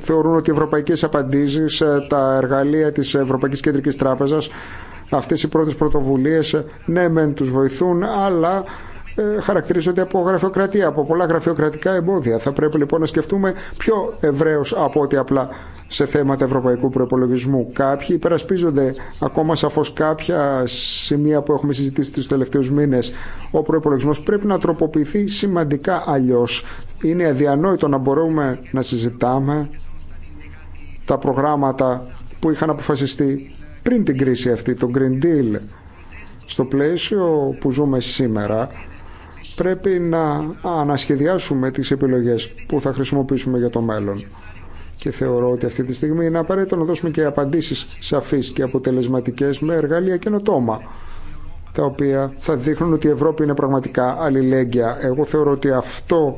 Speaker 2: θεωρούν ότι οι ευρωπαϊκές απαντήσεις, ε, τα εργαλεία της Ευρωπαϊκής Κεντρικής Τράπεζας Αυτές οι πρώτες πρωτοβουλίες ναι μεν τους βοηθούν αλλά ε, χαρακτηρίζονται από γραφειοκρατία, από πολλά γραφειοκρατικά εμπόδια. Θα πρέπει λοιπόν να σκεφτούμε πιο ευρέω από ό,τι απλά σε θέματα ευρωπαϊκού προπολογισμού. Κάποιοι υπερασπίζονται ακόμα σαφώ κάποια σημεία που έχουμε συζητήσει του τελευταίου μήνε. Ο προπολογισμό πρέπει να τροποποιηθεί σημαντικά αλλιώ. Είναι αδιανόητο να μπορούμε να συζητάμε τα προγράμματα που είχαν αποφασιστεί πριν την κρίση αυτή, το Green Deal. Στο πλαίσιο που ζούμε σήμερα πρέπει να ανασχεδιάσουμε τις επιλογές που θα χρησιμοποιήσουμε για το μέλλον. Και θεωρώ ότι αυτή τη στιγμή είναι απαραίτητο να δώσουμε και απαντήσεις σαφείς και αποτελεσματικές με εργαλεία καινοτόμα τα οποία θα δείχνουν ότι η Ευρώπη είναι πραγματικά αλληλέγγυα. Εγώ θεωρώ ότι αυτό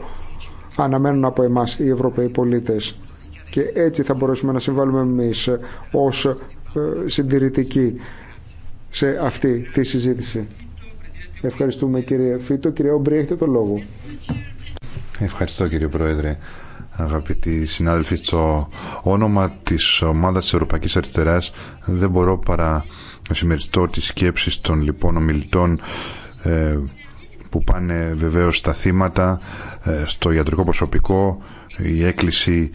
Speaker 2: αναμένουν από εμάς οι Ευρωπαίοι πολίτες και έτσι θα μπορέσουμε να συμβάλλουμε εμείς ως συντηρητική σε αυτή τη συζήτηση. Ευχαριστούμε κύριε Φίτο. Κύριε Όμπρη έχετε το λόγο.
Speaker 3: Ευχαριστώ κύριε Πρόεδρε. Αγαπητοί συνάδελφοι, στο όνομα της ομάδας της Ευρωπαϊκής Αριστεράς δεν μπορώ παρά να συμμεριστώ τις σκέψεις των λοιπόν ομιλητών ε, που πάνε βεβαίως στα θύματα, ε, στο ιατρικό προσωπικό, η έκκληση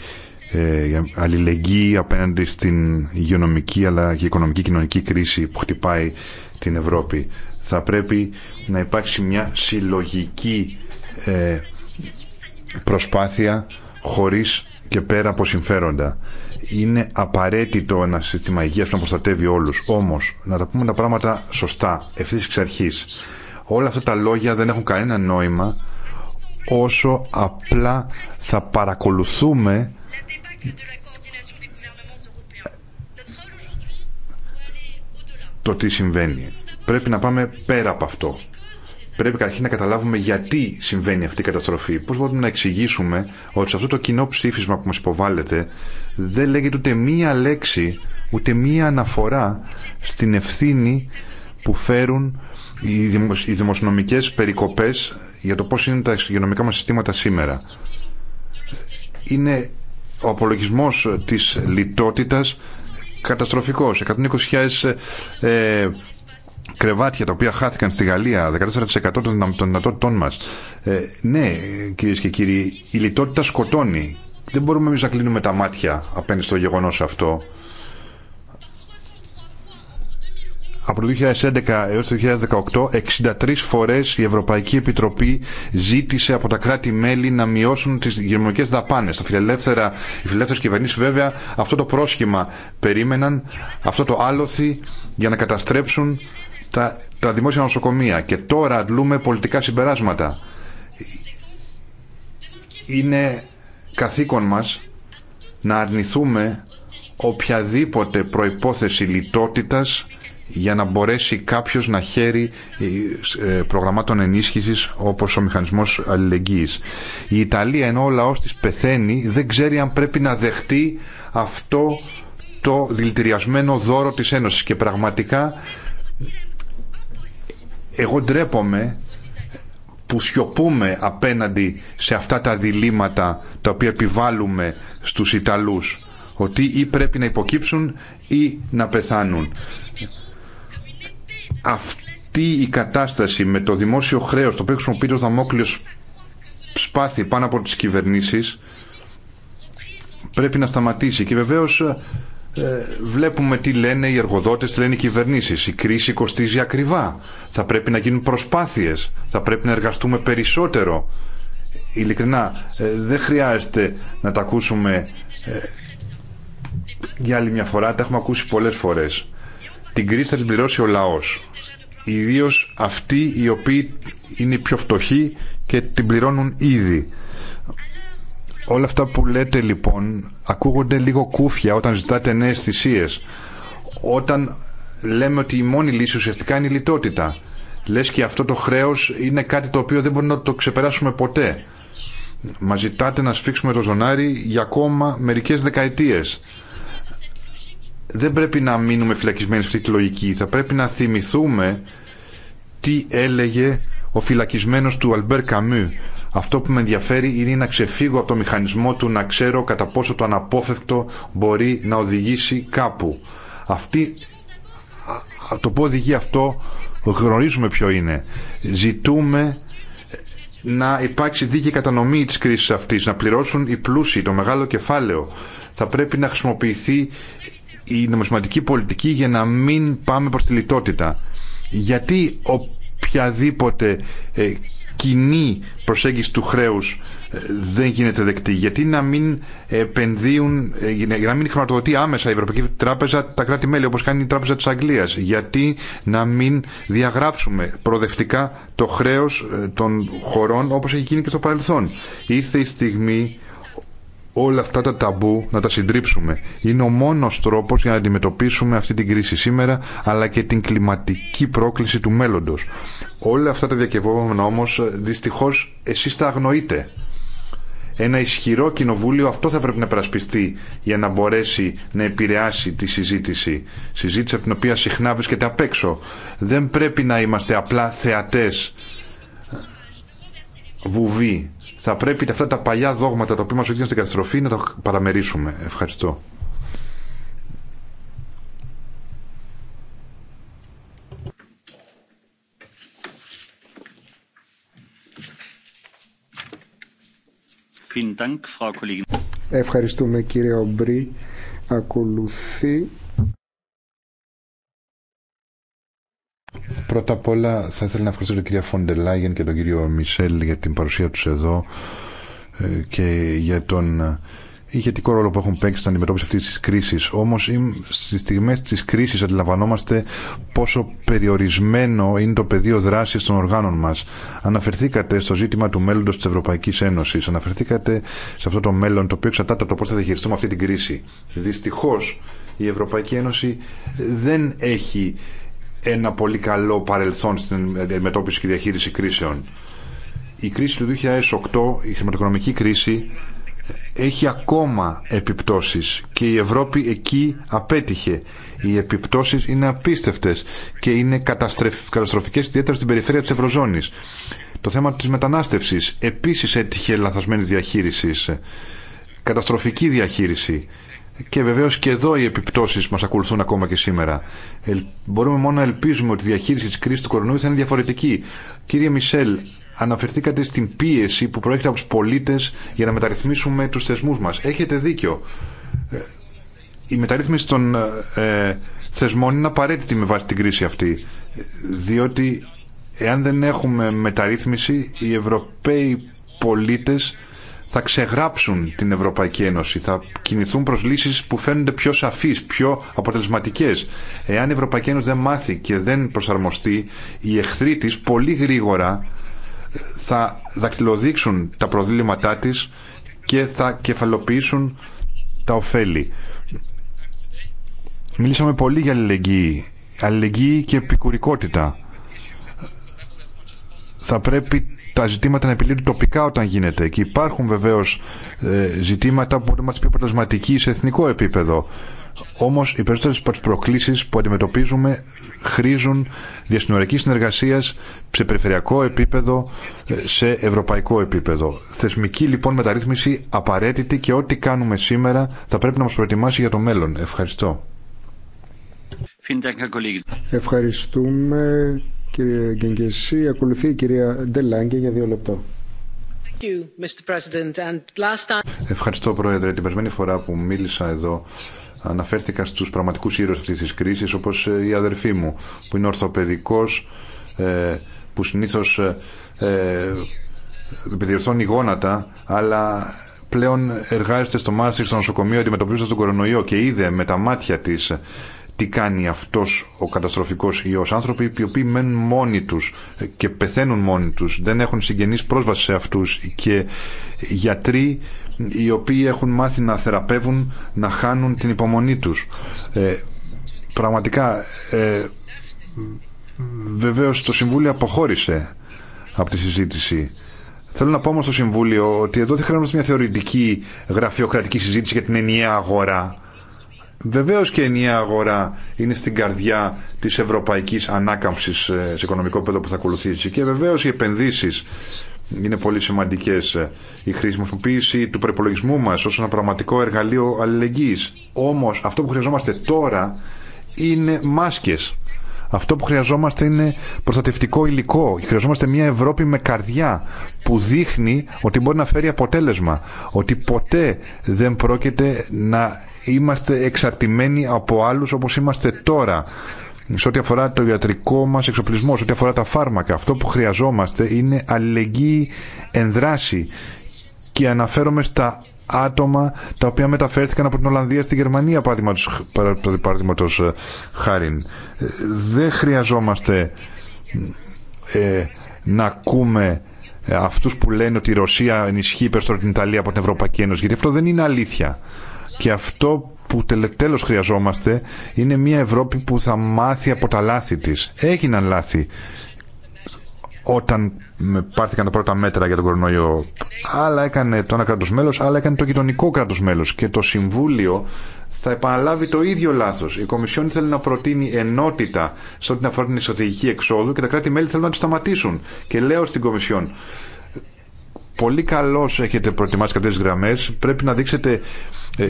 Speaker 3: ε, αλληλεγγύη απέναντι στην υγειονομική αλλά και οικονομική κοινωνική κρίση που χτυπάει την Ευρώπη. Θα πρέπει να υπάρξει μια συλλογική ε, προσπάθεια χωρίς και πέρα από συμφέροντα. Είναι απαραίτητο ένα σύστημα υγείας να προστατεύει όλους. Όμως, να τα πούμε τα πράγματα σωστά, ευθύς εξ αρχής. Όλα αυτά τα λόγια δεν έχουν κανένα νόημα όσο απλά θα παρακολουθούμε το τι συμβαίνει. Πρέπει να πάμε πέρα από αυτό. Πρέπει καταρχήν να καταλάβουμε γιατί συμβαίνει αυτή η καταστροφή. Πώ μπορούμε να εξηγήσουμε ότι σε αυτό το κοινό ψήφισμα που μα υποβάλλεται δεν λέγεται ούτε μία λέξη, ούτε μία αναφορά στην ευθύνη που φέρουν οι, δημοσιονομικέ περικοπέ για το πώ είναι τα υγειονομικά μα συστήματα σήμερα. Είναι ο απολογισμός της λιτότητας καταστροφικός. 120.000 ε, κρεβάτια τα οποία χάθηκαν στη Γαλλία, 14% των δυνατότητών μας. Ε, ναι, κύριε και κύριοι, η λιτότητα σκοτώνει. Δεν μπορούμε εμείς να κλείνουμε τα μάτια απέναντι στο γεγονός αυτό. από το 2011 έως το 2018 63 φορές η Ευρωπαϊκή Επιτροπή ζήτησε από τα κράτη-μέλη να μειώσουν τις γερμανικές δαπάνες. Τα φιλελεύθερα, οι φιλελεύθερες κυβερνήσεις βέβαια αυτό το πρόσχημα περίμεναν, αυτό το άλοθη για να καταστρέψουν τα, τα δημόσια νοσοκομεία. Και τώρα αντλούμε πολιτικά συμπεράσματα. Είναι καθήκον μας να αρνηθούμε οποιαδήποτε προϋπόθεση λιτότητας για να μπορέσει κάποιος να χαίρει ε, ε, προγραμμάτων ενίσχυσης όπως ο μηχανισμός αλληλεγγύης. Η Ιταλία ενώ ο λαός της πεθαίνει δεν ξέρει αν πρέπει να δεχτεί αυτό το δηλητηριασμένο δώρο της Ένωσης και πραγματικά εγώ ντρέπομαι που σιωπούμε απέναντι σε αυτά τα διλήμματα τα οποία επιβάλλουμε στους Ιταλούς ότι ή πρέπει να υποκύψουν ή να πεθάνουν αυτή η κατάσταση με το δημόσιο χρέος το οποίο χρησιμοποιεί το δαμόκλειος σπάθη πάνω από τις κυβερνήσεις πρέπει να σταματήσει και βεβαίως ε, βλέπουμε τι λένε οι εργοδότες, τι λένε οι κυβερνήσεις. Η κρίση κοστίζει ακριβά. Θα πρέπει να γίνουν προσπάθειες. Θα πρέπει να εργαστούμε περισσότερο. Ειλικρινά, ε, δεν χρειάζεται να τα ακούσουμε ε, για άλλη μια φορά. Τα έχουμε ακούσει πολλές φορές την κρίση θα την πληρώσει ο λαός. Ιδίως αυτοί οι οποίοι είναι οι πιο φτωχοί και την πληρώνουν ήδη. Όλα αυτά που λέτε λοιπόν ακούγονται λίγο κούφια όταν ζητάτε νέες θυσίες. Όταν λέμε ότι η μόνη λύση ουσιαστικά είναι η λιτότητα. Λες και αυτό το χρέος είναι κάτι το οποίο δεν μπορούμε να το ξεπεράσουμε ποτέ. Μα ζητάτε να σφίξουμε το ζωνάρι για ακόμα μερικές δεκαετίες δεν πρέπει να μείνουμε φυλακισμένοι σε αυτή τη λογική. Θα πρέπει να θυμηθούμε τι έλεγε ο φυλακισμένος του Αλμπέρ Καμού. Αυτό που με ενδιαφέρει είναι να ξεφύγω από το μηχανισμό του να ξέρω κατά πόσο το αναπόφευκτο μπορεί να οδηγήσει κάπου. Αυτή, το που οδηγεί αυτό γνωρίζουμε ποιο είναι. Ζητούμε να υπάρξει δίκαιη κατανομή της κρίσης αυτής, να πληρώσουν οι πλούσιοι, το μεγάλο κεφάλαιο. Θα πρέπει να χρησιμοποιηθεί η νομισματική πολιτική για να μην πάμε προς τη λιτότητα. Γιατί οποιαδήποτε ε, κοινή προσέγγιση του χρέους ε, δεν γίνεται δεκτή. Γιατί να μην επενδύουν, ε, για να μην χρηματοδοτεί άμεσα η Ευρωπαϊκή Τράπεζα τα κράτη-μέλη όπως κάνει η Τράπεζα της Αγγλίας. Γιατί να μην διαγράψουμε προοδευτικά το χρέος ε, των χωρών όπως έχει γίνει και στο παρελθόν. Ήρθε η στιγμή όλα αυτά τα ταμπού να τα συντρίψουμε. Είναι ο μόνος τρόπος για να αντιμετωπίσουμε αυτή την κρίση σήμερα, αλλά και την κλιματική πρόκληση του μέλλοντος. Όλα αυτά τα διακευόμενα όμως, δυστυχώς, εσείς τα αγνοείτε. Ένα ισχυρό κοινοβούλιο αυτό θα πρέπει να περασπιστεί για να μπορέσει να επηρεάσει τη συζήτηση. Συζήτηση από την οποία συχνά βρίσκεται απ' έξω. Δεν πρέπει να είμαστε απλά θεατές βουβοί θα πρέπει αυτά τα παλιά δόγματα τα οποία μας οδηγούν στην καταστροφή να τα παραμερίσουμε. Ευχαριστώ.
Speaker 2: Ευχαριστούμε κύριε Ομπρί. Ακολουθεί Πρώτα απ' όλα θα ήθελα
Speaker 3: να ευχαριστήσω τον κύριο Φοντελάγεν και τον κύριο Μισελ για την παρουσία τους εδώ ε, και για τον ε, ηγετικό ρόλο που έχουν παίξει στην αντιμετώπιση αυτή τη κρίση. Όμω, στι στιγμέ τη κρίση αντιλαμβανόμαστε πόσο περιορισμένο είναι το πεδίο δράση των οργάνων μα. Αναφερθήκατε στο ζήτημα του μέλλοντο τη Ευρωπαϊκή Ένωση. Αναφερθήκατε σε αυτό το μέλλον το οποίο εξαρτάται από το πώ θα διαχειριστούμε αυτή την κρίση. Δυστυχώ, η Ευρωπαϊκή Ένωση δεν έχει ένα πολύ καλό παρελθόν στην αντιμετώπιση και διαχείριση κρίσεων. Η κρίση του 2008, η χρηματοοικονομική κρίση, έχει ακόμα επιπτώσεις και η Ευρώπη εκεί απέτυχε. Οι επιπτώσεις είναι απίστευτες και είναι καταστροφικές ιδιαίτερα στην περιφέρεια της Ευρωζώνης. Το θέμα της μετανάστευσης επίσης έτυχε λαθασμένης διαχείρισης. Καταστροφική διαχείριση και βεβαίως και εδώ οι επιπτώσεις μας ακολουθούν ακόμα και σήμερα. μπορούμε μόνο να ελπίζουμε ότι η διαχείριση της κρίσης του κορονοϊού θα είναι διαφορετική. Κύριε Μισελ, αναφερθήκατε στην πίεση που προέρχεται από τους πολίτες για να μεταρρυθμίσουμε τους θεσμούς μας. Έχετε δίκιο. Ε, η μεταρρύθμιση των ε, θεσμών είναι απαραίτητη με βάση την κρίση αυτή. Διότι εάν δεν έχουμε μεταρρύθμιση, οι Ευρωπαίοι πολίτες θα ξεγράψουν την Ευρωπαϊκή Ένωση, θα κινηθούν προς λύσεις που φαίνονται πιο σαφείς, πιο αποτελεσματικές. Εάν η Ευρωπαϊκή Ένωση δεν μάθει και δεν προσαρμοστεί, οι εχθροί της πολύ γρήγορα θα δακτυλοδείξουν τα προβλήματά της και θα κεφαλοποιήσουν τα ωφέλη. Μιλήσαμε πολύ για αλληλεγγύη, αλληλεγγύη και επικουρικότητα. Θα πρέπει τα ζητήματα να επιλύονται τοπικά όταν γίνεται. Και υπάρχουν βεβαίω ε, ζητήματα που μπορεί να είμαστε πιο αποτελεσματικοί σε εθνικό επίπεδο. Όμω οι περισσότερε προκλήσει που αντιμετωπίζουμε χρήζουν διασυνορική συνεργασία σε περιφερειακό επίπεδο, ε, σε ευρωπαϊκό επίπεδο. Θεσμική λοιπόν μεταρρύθμιση απαραίτητη και ό,τι κάνουμε σήμερα θα πρέπει να μα προετοιμάσει για το μέλλον. Ευχαριστώ.
Speaker 2: Ευχαριστούμε Κύριε Γκενγκεσί, ακολουθεί η κυρία Ντελάγκη για δύο λεπτό.
Speaker 3: Ευχαριστώ, Πρόεδρε. Την περσμένη φορά που μίλησα εδώ, αναφέρθηκα στους πραγματικούς ήρωες αυτής της κρίσης, όπως ε, η αδερφή μου, που είναι ορθοπαιδικός, ε, που συνήθως ε, διορθώνει γόνατα, αλλά πλέον εργάζεται στο Μάρσιξ στο νοσοκομείο αντιμετωπίζοντα τον κορονοϊό και είδε με τα μάτια της τι κάνει αυτός ο καταστροφικός ιός. Άνθρωποι οι οποίοι μένουν μόνοι τους και πεθαίνουν μόνοι τους, δεν έχουν συγγενείς πρόσβαση σε αυτούς και γιατροί οι οποίοι έχουν μάθει να θεραπεύουν, να χάνουν την υπομονή τους. Ε, πραγματικά, ε, βεβαίως το Συμβούλιο αποχώρησε από τη συζήτηση. Θέλω να πω όμως στο Συμβούλιο ότι εδώ δεν χρειάζεται μια θεωρητική γραφειοκρατική συζήτηση για την ενιαία αγορά Βεβαίω και η ενιαία αγορά είναι στην καρδιά τη Ευρωπαϊκή ανάκαμψη ε, σε οικονομικό πεδίο που θα ακολουθήσει και βεβαίω οι επενδύσει είναι πολύ σημαντικέ ε, Η χρησιμοποίηση του προπολογισμού μα ω ένα πραγματικό εργαλείο αλληλεγγύη. Όμω αυτό που χρειαζόμαστε τώρα είναι μάσκε. Αυτό που χρειαζόμαστε είναι προστατευτικό υλικό. Χρειαζόμαστε μια Ευρώπη με καρδιά που δείχνει ότι μπορεί να φέρει αποτέλεσμα. Ότι ποτέ δεν πρόκειται να είμαστε εξαρτημένοι από άλλους όπως είμαστε τώρα σε ό,τι αφορά το ιατρικό μας εξοπλισμό, σε ό,τι αφορά τα φάρμακα. Αυτό που χρειαζόμαστε είναι αλληλεγγύη ενδράση και αναφέρομαι στα άτομα τα οποία μεταφέρθηκαν από την Ολλανδία στη Γερμανία παραδείγματος ε, χάριν. Δεν χρειαζόμαστε ε, να ακούμε ε, αυτούς που λένε ότι η Ρωσία ενισχύει περισσότερο την Ιταλία από την Ευρωπαϊκή Ένωση γιατί αυτό δεν είναι αλήθεια. Και αυτό που τέλος χρειαζόμαστε είναι μια Ευρώπη που θα μάθει από τα λάθη της. Έγιναν λάθη όταν πάρθηκαν τα πρώτα μέτρα για τον κορονοϊό. Άλλα έκανε το ένα κράτος μέλος, άλλα έκανε το γειτονικό κράτος μέλος. Και το Συμβούλιο θα επαναλάβει το ίδιο λάθος. Η Κομισιόν θέλει να προτείνει ενότητα σε ό,τι αφορά την εξόδου και τα κράτη-μέλη θέλουν να τη σταματήσουν. Και λέω στην Κομισιόν, πολύ καλώς έχετε προετοιμάσει κάποιε γραμμές. Πρέπει να δείξετε ε,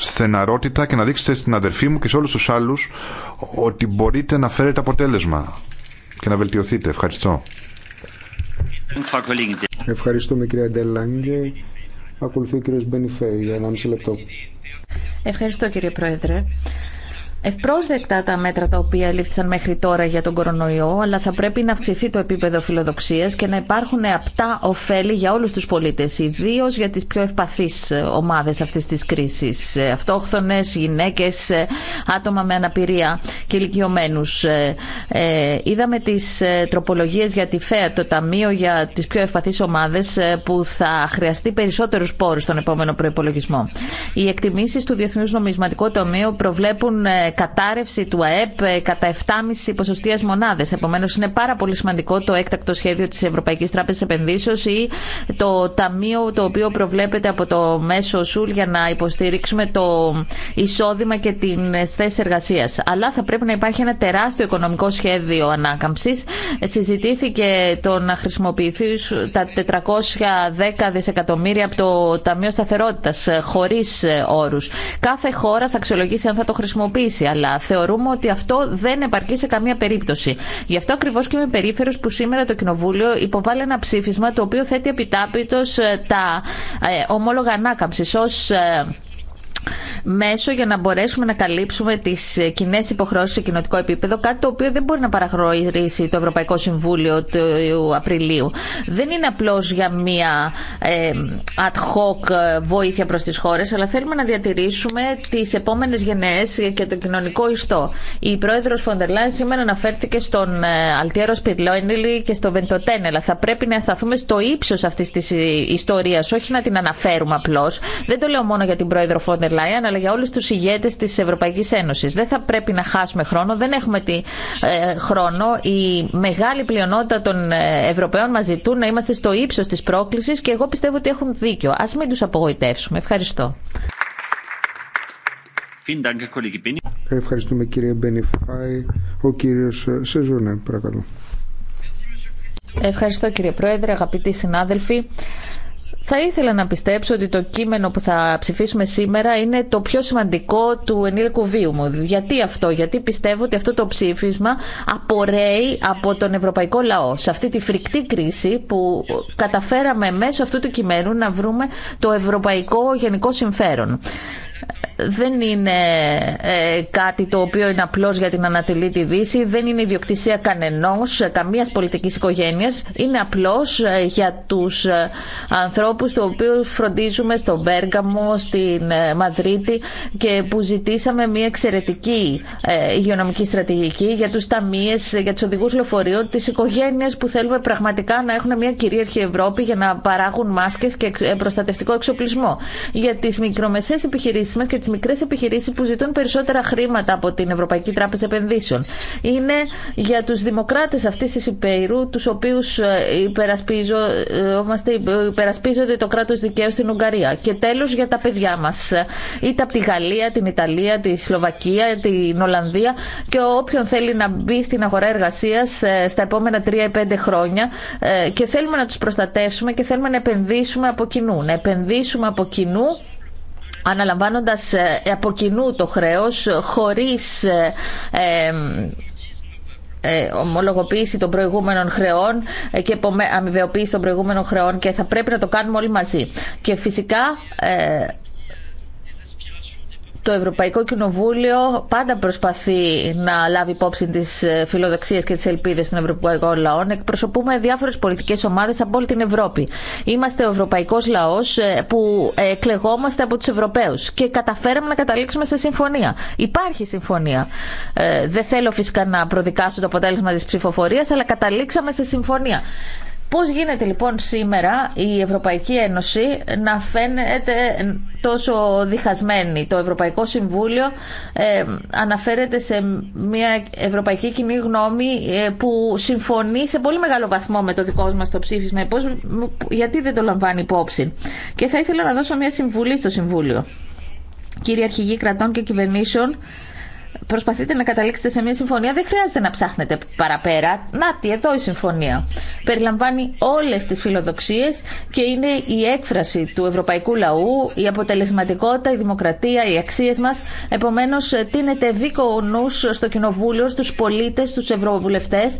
Speaker 3: στεναρότητα και να δείξετε στην αδερφή μου και σε όλους τους άλλους ότι μπορείτε να φέρετε αποτέλεσμα και να βελτιωθείτε. Ευχαριστώ.
Speaker 2: Ευχαριστούμε κυρία Ντελάνγκε. Ακολουθεί ο κύριος Μπενιφέη για 1,5 λεπτό.
Speaker 1: Ευχαριστώ κύριε Πρόεδρε ευπρόσδεκτα τα μέτρα τα οποία λήφθησαν μέχρι τώρα για τον κορονοϊό, αλλά θα πρέπει να αυξηθεί το επίπεδο φιλοδοξία και να υπάρχουν απτά ωφέλη για όλου του πολίτε, ιδίω για τι πιο ευπαθείς ομάδε αυτή τη κρίση. Ε, Αυτόχθονε, γυναίκε, ε, άτομα με αναπηρία και ηλικιωμένου. Ε, είδαμε τι τροπολογίε για τη ΦΕΑ, το Ταμείο για τι πιο ευπαθείς ομάδε, που θα χρειαστεί περισσότερου πόρου στον επόμενο προπολογισμό. Οι εκτιμήσει του Διεθνού Νομισματικού Τομείου προβλέπουν κατάρρευση του ΑΕΠ ε, κατά 7,5 ποσοστίας μονάδε. Επομένω, είναι πάρα πολύ σημαντικό το έκτακτο σχέδιο τη Ευρωπαϊκή Τράπεζα Επενδύσεω ή το ταμείο το οποίο προβλέπεται από το μέσο ΣΟΥΛ για να υποστηρίξουμε το εισόδημα και την θέσει εργασία. Αλλά θα πρέπει να υπάρχει ένα τεράστιο οικονομικό σχέδιο ανάκαμψη. Συζητήθηκε το να χρησιμοποιηθεί τα 410 δισεκατομμύρια από το Ταμείο Σταθερότητα ε, χωρί ε, όρου. Κάθε χώρα θα αξιολογήσει αν θα το χρησιμοποιήσει αλλά θεωρούμε ότι αυτό δεν επαρκεί σε καμία περίπτωση. Γι' αυτό ακριβώ και είμαι περίφερο που σήμερα το Κοινοβούλιο υποβάλλει ένα ψήφισμα το οποίο θέτει επιτάπητο ε, τα ε, ομόλογα ανάκαμψη ω μέσο για να μπορέσουμε να καλύψουμε τι κοινέ υποχρεώσει σε κοινοτικό επίπεδο, κάτι το οποίο δεν μπορεί να παραχωρήσει το Ευρωπαϊκό Συμβούλιο του Απριλίου. Δεν είναι απλώ για μία ε, ad hoc ε, βοήθεια προ τι χώρε, αλλά θέλουμε να διατηρήσουμε τι επόμενε γενναίε και το κοινωνικό ιστό. Η πρόεδρο Φοντερλάν σήμερα αναφέρθηκε στον Αλτιέρο ε, Σπιρλόινιλι και στο Βεντοτένελα. Θα πρέπει να σταθούμε στο ύψο αυτή τη ε, ιστορία, όχι να την αναφέρουμε απλώ. Δεν το λέω μόνο για την πρόεδρο αλλά για όλου του ηγέτε τη Ευρωπαϊκή Ένωση. Δεν θα πρέπει να χάσουμε χρόνο, δεν έχουμε ε, χρόνο. Η μεγάλη πλειονότητα των ε, Ευρωπαίων μα ζητούν να είμαστε στο ύψο τη πρόκληση και εγώ πιστεύω ότι έχουν δίκιο. Α μην του απογοητεύσουμε. Ευχαριστώ.
Speaker 2: Ευχαριστούμε κύριε Μπενιφάη. Ο ε, Σεζούνε, παρακαλώ.
Speaker 1: Ευχαριστώ κύριε Πρόεδρε, αγαπητοί συνάδελφοι. Θα ήθελα να πιστέψω ότι το κείμενο που θα ψηφίσουμε σήμερα είναι το πιο σημαντικό του ενήλικου βίου μου. Γιατί αυτό, γιατί πιστεύω ότι αυτό το ψήφισμα απορρέει από τον ευρωπαϊκό λαό. Σε αυτή τη φρικτή κρίση που καταφέραμε μέσω αυτού του κειμένου να βρούμε το ευρωπαϊκό γενικό συμφέρον δεν είναι ε, κάτι το οποίο είναι απλώς για την τη Δύση, δεν είναι ιδιοκτησία κανενός, καμίας πολιτικής οικογένειας, είναι απλώς ε, για τους ε, ανθρώπους του οποίου φροντίζουμε στο Βέργαμο, στην ε, Μαδρίτη και που ζητήσαμε μια εξαιρετική υγειονομική στρατηγική για τους ταμείες, για τους οδηγούς λεωφορείων, τις οικογένειες που θέλουμε πραγματικά να έχουν μια κυρίαρχη Ευρώπη για να παράγουν μάσκες και προστατευτικό εξοπλισμό. Για τις μικρομεσαίες επιχειρήσεις και τι μικρέ επιχειρήσει που ζητούν περισσότερα χρήματα από την Ευρωπαϊκή Τράπεζα Επενδύσεων. Είναι για του δημοκράτε αυτή τη Υπέηρου, τους οποίου ε, ε, ε, υπερασπίζονται το κράτο δικαίου στην Ουγγαρία. Και τέλο για τα παιδιά μα. είτε από τη Γαλλία, την Ιταλία, τη Σλοβακία, την Ολλανδία και όποιον θέλει να μπει στην αγορά εργασία στα επόμενα 3-5 χρόνια και θέλουμε να του προστατεύσουμε και θέλουμε να επενδύσουμε από κοινού. Να επενδύσουμε από κοινού αναλαμβάνοντας ε, από κοινού το χρέος χωρίς ε, ε, ε ομολογοποίηση των προηγούμενων χρεών ε, και αμοιβεοποίηση των προηγούμενων χρεών και θα πρέπει να το κάνουμε όλοι μαζί. Και φυσικά ε, το Ευρωπαϊκό Κοινοβούλιο πάντα προσπαθεί να λάβει υπόψη τι ε, φιλοδοξίε και τι ελπίδε των ευρωπαϊκών λαών. Εκπροσωπούμε διάφορε πολιτικέ ομάδε από όλη την Ευρώπη. Είμαστε ο ευρωπαϊκό λαό ε, που ε, εκλεγόμαστε από του Ευρωπαίου και καταφέραμε να καταλήξουμε σε συμφωνία. Υπάρχει συμφωνία. δεν θέλω φυσικά να προδικάσω το αποτέλεσμα τη ψηφοφορία, αλλά καταλήξαμε σε συμφωνία. Πώς γίνεται λοιπόν σήμερα η Ευρωπαϊκή Ένωση να φαίνεται τόσο διχασμένη. Το Ευρωπαϊκό Συμβούλιο ε, αναφέρεται σε μια ευρωπαϊκή κοινή γνώμη ε, που συμφωνεί σε πολύ μεγάλο βαθμό με το δικό μα το ψήφισμα. Πώς, γιατί δεν το λαμβάνει υπόψη. Και θα ήθελα να δώσω μια συμβουλή στο Συμβούλιο. Κύριε Αρχηγή Κρατών και Κυβερνήσεων, προσπαθείτε να καταλήξετε σε μια συμφωνία, δεν χρειάζεται να ψάχνετε παραπέρα. Να, τι, εδώ η συμφωνία. Περιλαμβάνει όλες τις φιλοδοξίες και είναι η έκφραση του ευρωπαϊκού λαού, η αποτελεσματικότητα, η δημοκρατία, οι αξίες μας. Επομένως, ε, τίνεται δίκο νους στο Κοινοβούλιο, στους πολίτες, στους ευρωβουλευτές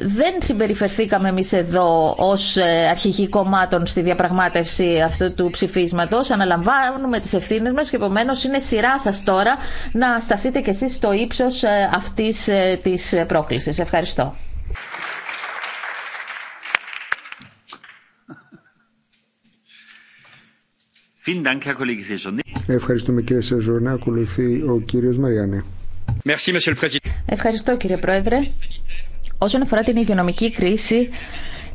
Speaker 1: δεν συμπεριφερθήκαμε εμείς εδώ ως ε, αρχηγοί κομμάτων στη διαπραγμάτευση αυτού του ψηφίσματος. Αναλαμβάνουμε τις ευθύνε μας και επομένως είναι σειρά σας τώρα να σταθείτε κι εσείς στο ύψος ε, αυτής ε, της πρόκλησης. Ευχαριστώ.
Speaker 2: Ευχαριστούμε κύριε Σεζορνά. Ακολουθεί ο κύριος Μαριάννη.
Speaker 1: Ευχαριστώ κύριε Πρόεδρε. Όσον αφορά την υγειονομική κρίση,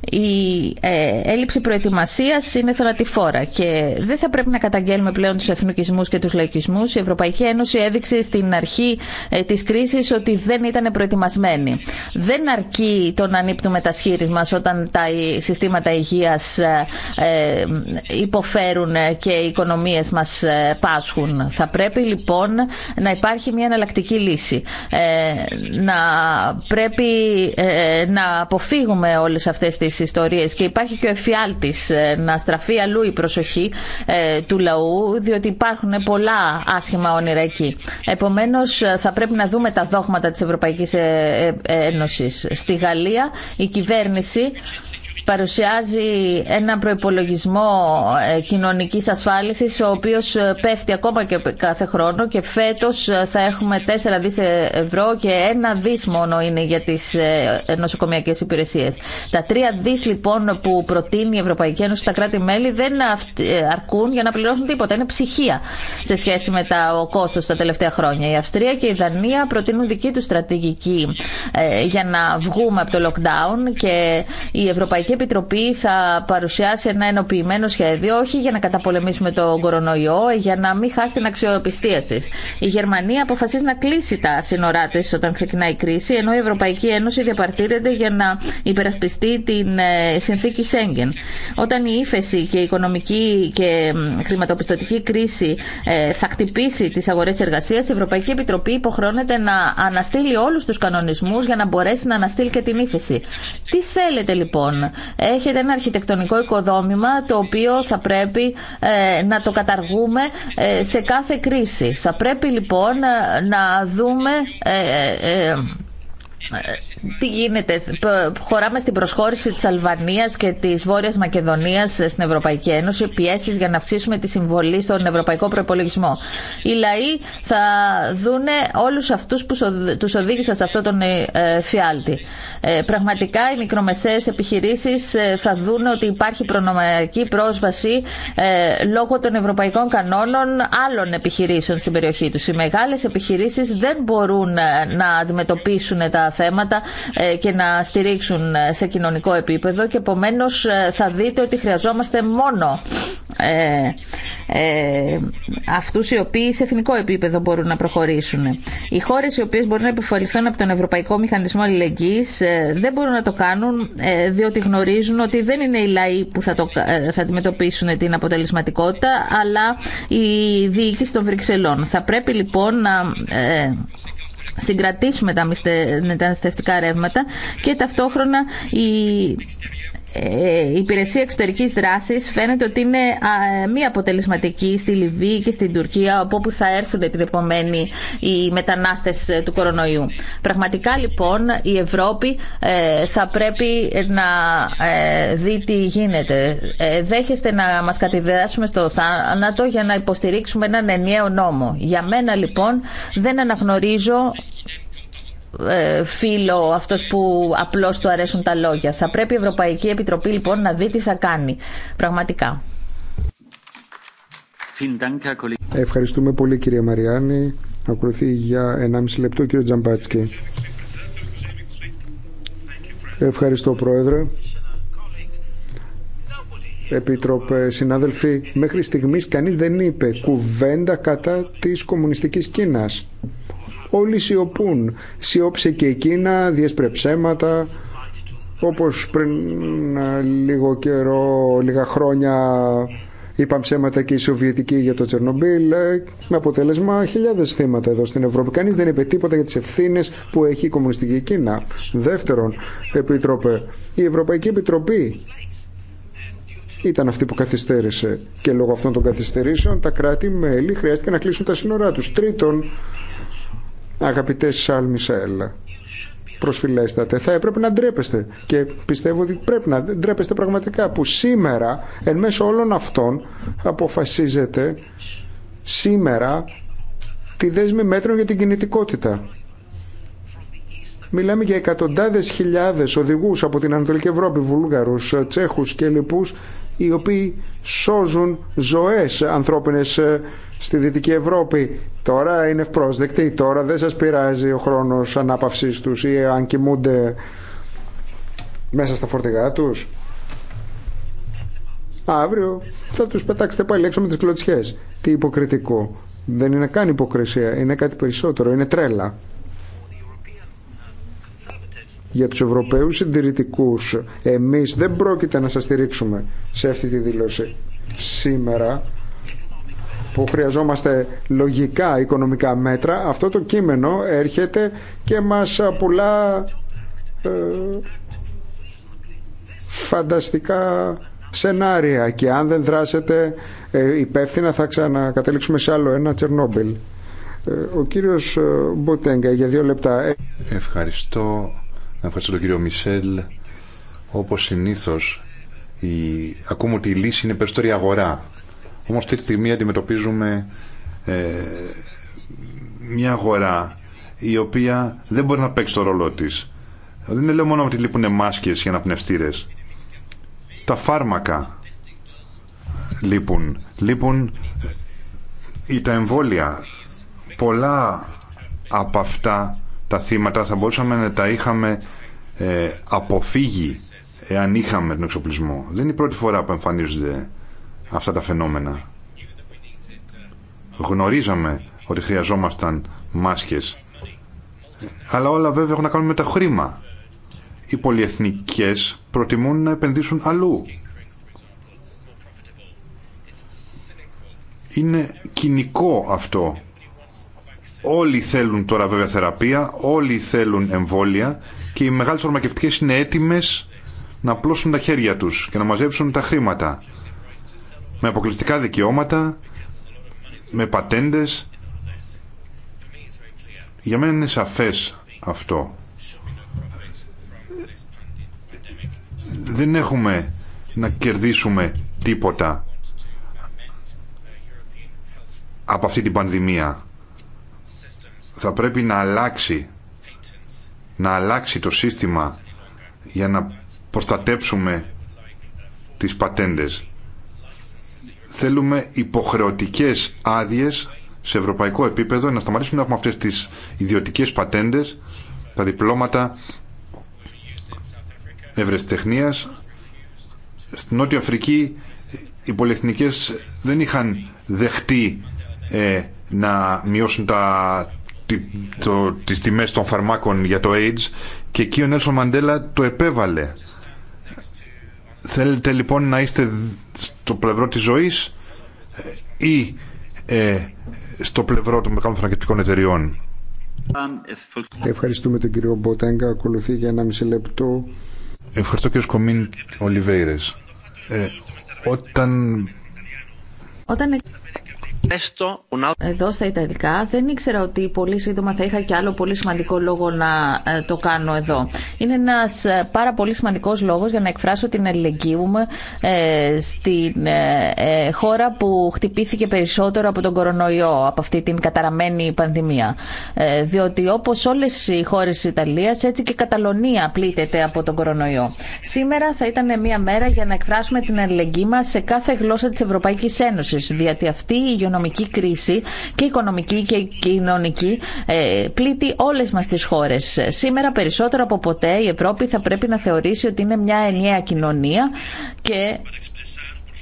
Speaker 1: η ε, έλλειψη προετοιμασία είναι θανατηφόρα και δεν θα πρέπει να καταγγέλουμε πλέον του εθνικισμού και του λαϊκισμού. Η Ευρωπαϊκή Ένωση έδειξε στην αρχή ε, τη κρίση ότι δεν ήταν προετοιμασμένη. Δεν αρκεί το να ανύπτουμε τα σχήρι μα όταν τα συστήματα υγεία ε, ε, υποφέρουν και οι οικονομίε μα πάσχουν. Θα πρέπει λοιπόν να υπάρχει μια εναλλακτική λύση. να πρέπει να αποφύγουμε όλες αυτές τις τις ιστορίες και υπάρχει και ο εφιάλτης ε, να στραφεί αλλού η προσοχή ε, του λαού διότι υπάρχουν πολλά άσχημα όνειρα εκεί. Επομένως ε, θα πρέπει να δούμε τα δόγματα της Ευρωπαϊκής Ένωσης. Στη Γαλλία η κυβέρνηση παρουσιάζει ένα προϋπολογισμό ε, κοινωνικής ασφάλισης ο οποίος ε, πέφτει ακόμα και κάθε χρόνο και φέτος ε, θα έχουμε 4 δις ευρώ και ένα δις μόνο είναι για τις νοσοκομιακές υπηρεσίες. Τα 3 δις λοιπόν που προτείνει η Ευρωπαϊκή Ένωση στα κράτη-μέλη δεν αρκούν για να πληρώσουν τίποτα. Είναι ψυχία σε σχέση με τα, ο κόστος τα τελευταία χρόνια. Η Αυστρία και η Δανία προτείνουν δική του στρατηγική για να βγούμε από το lockdown και η Ευρωπαϊκή Επιτροπή θα παρουσιάσει ένα ενοποιημένο σχέδιο, όχι για να καταπολεμήσουμε τον κορονοϊό, για να μην χάσει την αξιοπιστία τη. Η Γερμανία αποφασίζει να κλείσει τα σύνορά τη όταν ξεκινάει η κρίση, ενώ η Ευρωπαϊκή Ένωση διαπαρτύρεται για να υπερασπιστεί την ε, συνθήκη Σέγγεν. Όταν η ύφεση και η οικονομική και χρηματοπιστωτική κρίση ε, θα χτυπήσει τι αγορέ εργασία, η Ευρωπαϊκή Επιτροπή υποχρώνεται να αναστείλει όλου του κανονισμού για να μπορέσει να αναστείλει και την ύφεση. Τι θέλετε λοιπόν, έχετε ένα αρχιτεκτονικό οικοδόμημα το οποίο θα πρέπει ε, να το καταργούμε ε, σε κάθε κρίση. Θα πρέπει λοιπόν ε, να δούμε τι γίνεται, χωράμε στην προσχώρηση της Αλβανίας και της Βόρειας Μακεδονίας στην Ευρωπαϊκή Ένωση πιέσεις για να αυξήσουμε τη συμβολή στον ευρωπαϊκό προπολογισμό. Οι λαοί θα δούνε όλους αυτούς που τους οδήγησαν σε αυτόν τον ε, ε, φιάλτη. Ε, πραγματικά οι μικρομεσαίες επιχειρήσεις θα δούνε ότι υπάρχει προνομιακή πρόσβαση λόγω των ευρωπαϊκών κανόνων άλλων επιχειρήσεων στην περιοχή τους. Οι μεγάλες επιχειρήσεις δεν μπορούν να αντιμετωπίσουν τα θέματα ε, και να στηρίξουν ε, σε κοινωνικό επίπεδο και επομένω ε, θα δείτε ότι χρειαζόμαστε μόνο ε, αυτούς οι οποίοι σε εθνικό επίπεδο μπορούν να προχωρήσουν. Οι χώρες οι οποίες μπορούν να επιφορηθούν από τον Ευρωπαϊκό Μηχανισμό Αλληλεγγύης δεν μπορούν να το κάνουν διότι γνωρίζουν ότι δεν είναι οι λαοί που θα, το, θα αντιμετωπίσουν την αποτελεσματικότητα αλλά η διοίκηση των Βρυξελών. Θα πρέπει λοιπόν να συγκρατήσουμε τα μεταναστευτικά ρεύματα και ταυτόχρονα η ε, η υπηρεσία εξωτερικής δράσης φαίνεται ότι είναι μη αποτελεσματική στη Λιβύη και στην Τουρκία από όπου θα έρθουν την επομένη οι μετανάστες ε, του κορονοϊού. Πραγματικά λοιπόν η Ευρώπη ε, θα πρέπει να δει τι γίνεται. Δέχεστε να μας κατηδάσουμε στο θάνατο για να υποστηρίξουμε έναν ενιαίο νόμο. Για μένα λοιπόν δεν αναγνωρίζω ε, φίλο αυτός που απλώς του αρέσουν τα λόγια. Θα πρέπει η Ευρωπαϊκή Επιτροπή λοιπόν να δει τι θα κάνει πραγματικά.
Speaker 2: Ευχαριστούμε πολύ κυρία Μαριάννη. Ακολουθεί για 1,5 λεπτό κύριο Τζαμπάτσκι. Ευχαριστώ Πρόεδρε. Επίτροπε, συνάδελφοι, μέχρι στιγμής κανείς δεν είπε κουβέντα κατά της κομμουνιστικής Κίνας. Όλοι σιωπούν. Σιώψε και εκείνα, διέσπρεψέματα. Όπως πριν ε, λίγο καιρό, λίγα χρόνια είπαν ψέματα και οι Σοβιετικοί για το Τσερνομπίλ ε, με αποτέλεσμα χιλιάδες θύματα εδώ στην Ευρώπη. Κανείς δεν είπε τίποτα για τις ευθύνε που έχει η κομμουνιστική Κίνα. Δεύτερον, Επίτροπε, η Ευρωπαϊκή Επιτροπή ήταν αυτή που καθυστέρησε και λόγω αυτών των καθυστερήσεων τα κράτη-μέλη χρειάστηκε να κλείσουν τα σύνορά τους. Τρίτον, Αγαπητέ Σαλ Μισελ, προσφυλέστατε, θα έπρεπε να ντρέπεστε. Και πιστεύω ότι πρέπει να ντρέπεστε πραγματικά που σήμερα, εν μέσω όλων αυτών, αποφασίζετε σήμερα τη δέσμη μέτρων για την κινητικότητα. Μιλάμε για εκατοντάδες χιλιάδες οδηγούς από την Ανατολική Ευρώπη, Βούλγαρους, Τσέχους και λοιπούς, οι οποίοι σώζουν ζωές ανθρώπινες ε, στη Δυτική Ευρώπη. Τώρα είναι ευπρόσδεκτοι, τώρα δεν σας πειράζει ο χρόνος ανάπαυσής τους ή αν κοιμούνται μέσα στα φορτηγά τους. Αύριο θα τους πετάξετε πάλι έξω με τις κλωτσιές. Τι υποκριτικό. Δεν είναι καν υποκρισία, είναι κάτι περισσότερο, είναι τρέλα. Για τους Ευρωπαίους συντηρητικούς, εμείς δεν πρόκειται να σας στηρίξουμε σε αυτή τη δήλωση. Σήμερα που χρειαζόμαστε λογικά οικονομικά μέτρα, αυτό το κείμενο έρχεται και μας πουλά ε, φανταστικά σενάρια και αν δεν δράσετε ε, υπεύθυνα θα ξανακατέληξουμε σε άλλο ένα Τσερνόμπιλ. Ε, ο κύριος ε, Μποτέγκα για δύο λεπτά.
Speaker 3: Ευχαριστώ. Να ευχαριστώ τον κύριο Μισελ. Όπως συνήθως η... ακούμε ότι η λύση είναι περισσότερη αγορά. Όμως αυτή τη στιγμή αντιμετωπίζουμε ε, μια αγορά η οποία δεν μπορεί να παίξει το ρόλο της. Δεν είναι λέω μόνο ότι λείπουν μάσκες για αναπνευστήρες. Τα φάρμακα λείπουν. Λείπουν ε, ή τα εμβόλια. Πολλά από αυτά τα θύματα θα μπορούσαμε να τα είχαμε ε, αποφύγει εάν είχαμε τον εξοπλισμό. Δεν είναι η πρώτη φορά που εμφανίζονται αυτά τα φαινόμενα. Γνωρίζαμε ότι χρειαζόμασταν μάσκες. Αλλά όλα βέβαια έχουν να κάνουν με το χρήμα. Οι πολυεθνικές προτιμούν να επενδύσουν αλλού. Είναι κοινικό αυτό. Όλοι θέλουν τώρα βέβαια θεραπεία, όλοι θέλουν εμβόλια και οι μεγάλες φαρμακευτικές είναι έτοιμες να πλώσουν τα χέρια τους και να μαζέψουν τα χρήματα με αποκλειστικά δικαιώματα, με πατέντες. Για μένα είναι σαφές αυτό. Δεν έχουμε να κερδίσουμε τίποτα από αυτή την πανδημία. Θα πρέπει να αλλάξει να αλλάξει το σύστημα για να προστατέψουμε τις πατέντες θέλουμε υποχρεωτικές άδειε σε ευρωπαϊκό επίπεδο να σταματήσουμε να έχουμε αυτές τις ιδιωτικές πατέντες, τα διπλώματα ευρεσιτεχνίας. Στην Νότια Αφρική οι πολυεθνικές δεν είχαν δεχτεί ε, να μειώσουν τα, το, τις τιμές των φαρμάκων για το AIDS και εκεί ο Νέλσον Μαντέλα το επέβαλε Θέλετε λοιπόν να είστε στο πλευρό της ζωής ε, ή ε, στο πλευρό των μεγάλων φαρμακευτικών εταιριών.
Speaker 2: Ευχαριστούμε τον κύριο Μποτέγκα. Ακολουθεί για ένα μισή λεπτό. Ευχαριστώ κύριο Σκομίν Ολιβέηρες. Ε, όταν...
Speaker 1: Όταν εδώ στα Ιταλικά δεν ήξερα ότι πολύ σύντομα θα είχα και άλλο πολύ σημαντικό λόγο να ε, το κάνω εδώ. Είναι ένας ε, πάρα πολύ σημαντικός λόγος για να εκφράσω την αλληλεγγύη μου ε, στην χώρα που χτυπήθηκε περισσότερο από τον κορονοϊό, από αυτή την καταραμένη πανδημία. Διότι όπως όλες οι χώρες της Ιταλίας έτσι και η Καταλωνία πλήττεται από τον κορονοϊό. Σήμερα θα ήταν μια μέρα για να εκφράσουμε την αλληλεγγύη μας σε κάθε γλώσσα της Ευρωπαϊκής Ένωσης, διότι αυτή η οικονομική κρίση και οικονομική και κοινωνική ε, πλήττει όλε μα τι χώρε. Σήμερα περισσότερο από ποτέ η Ευρώπη θα πρέπει να θεωρήσει ότι είναι μια ενιαία κοινωνία και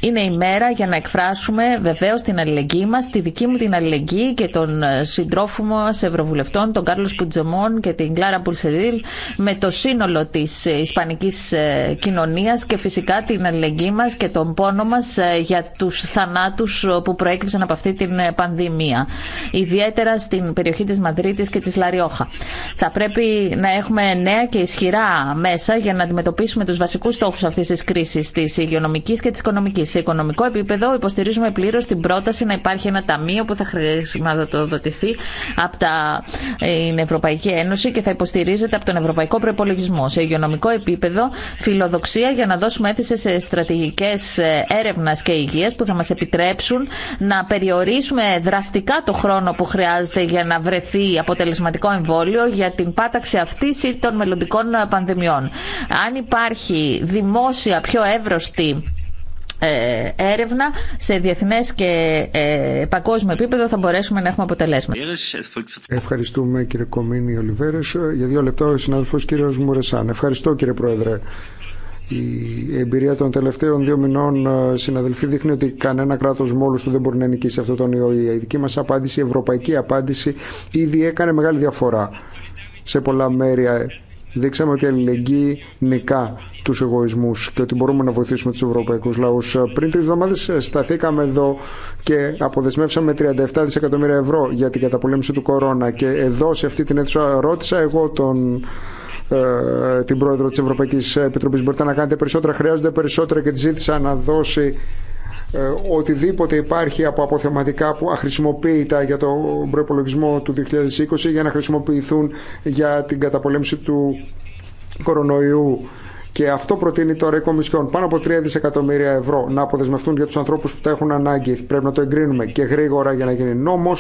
Speaker 1: είναι η μέρα για να εκφράσουμε βεβαίω την αλληλεγγύη μα, τη δική μου την αλληλεγγύη και των ε, συντρόφου μα Ευρωβουλευτών, τον Κάρλο Πουτζεμόν και την Κλάρα Μπουλσεδίλ με το σύνολο τη ε, ισπανική ε, κοινωνία και φυσικά την αλληλεγγύη μα και τον πόνο μα για του θανάτου που προέκυψαν από αυτή την πανδημία. Ιδιαίτερα στην περιοχή τη Μαδρίτη και τη Λαριόχα. Θα πρέπει να έχουμε νέα και ισχυρά μέσα για να αντιμετωπίσουμε του βασικού στόχου αυτή τη κρίση, τη υγειονομική και τη οικονομική σε οικονομικό επίπεδο υποστηρίζουμε πλήρω την πρόταση να υπάρχει ένα ταμείο που θα χρηματοδοτηθεί από ε, την Ευρωπαϊκή Ένωση και θα υποστηρίζεται από τον Ευρωπαϊκό Προπολογισμό. Σε υγειονομικό επίπεδο, φιλοδοξία για να δώσουμε αίθουσε σε στρατηγικέ ε, έρευνα και υγεία που θα μα επιτρέψουν να περιορίσουμε δραστικά το χρόνο που χρειάζεται για να βρεθεί αποτελεσματικό εμβόλιο για την πάταξη αυτή ή των μελλοντικών πανδημιών. Αν υπάρχει δημόσια πιο εύρωστη ε, έρευνα σε διεθνές και ε, παγκόσμιο επίπεδο θα μπορέσουμε να έχουμε αποτελέσματα.
Speaker 2: Ευχαριστούμε κύριε Κομίνη Ολιβέρες. Για δύο λεπτά ο συνάδελφος κύριος Μουρεσάν. Ευχαριστώ κύριε Πρόεδρε. Η εμπειρία των τελευταίων δύο μηνών, ε, συναδελφοί, δείχνει ότι κανένα κράτο μόνο του δεν μπορεί να νικήσει αυτό τον ιό. Η δική μα απάντηση, η ευρωπαϊκή απάντηση, ήδη έκανε μεγάλη διαφορά σε πολλά μέρη ε, δείξαμε ότι η αλληλεγγύη νικά του εγωισμού και ότι μπορούμε να βοηθήσουμε του ευρωπαϊκού λαού. Πριν τρει εβδομάδε ε, σταθήκαμε εδώ και αποδεσμεύσαμε 37 δισεκατομμύρια ευρώ για την καταπολέμηση του κορώνα. Και εδώ σε αυτή την αίθουσα ρώτησα εγώ τον ε, την πρόεδρο της Ευρωπαϊκής Επιτροπής μπορείτε να κάνετε περισσότερα, χρειάζονται περισσότερα και τη ζήτησα να δώσει ε, οτιδήποτε υπάρχει από αποθεματικά που αχρησιμοποιητά για τον προπολογισμό του 2020 για να χρησιμοποιηθούν για την καταπολέμηση του κορονοϊού. Και αυτό προτείνει τώρα η Κομισιόν. Πάνω από 3 δισεκατομμύρια ευρώ να αποδεσμευτούν για του ανθρώπου που τα έχουν ανάγκη. Πρέπει να το εγκρίνουμε και γρήγορα για να γίνει νόμο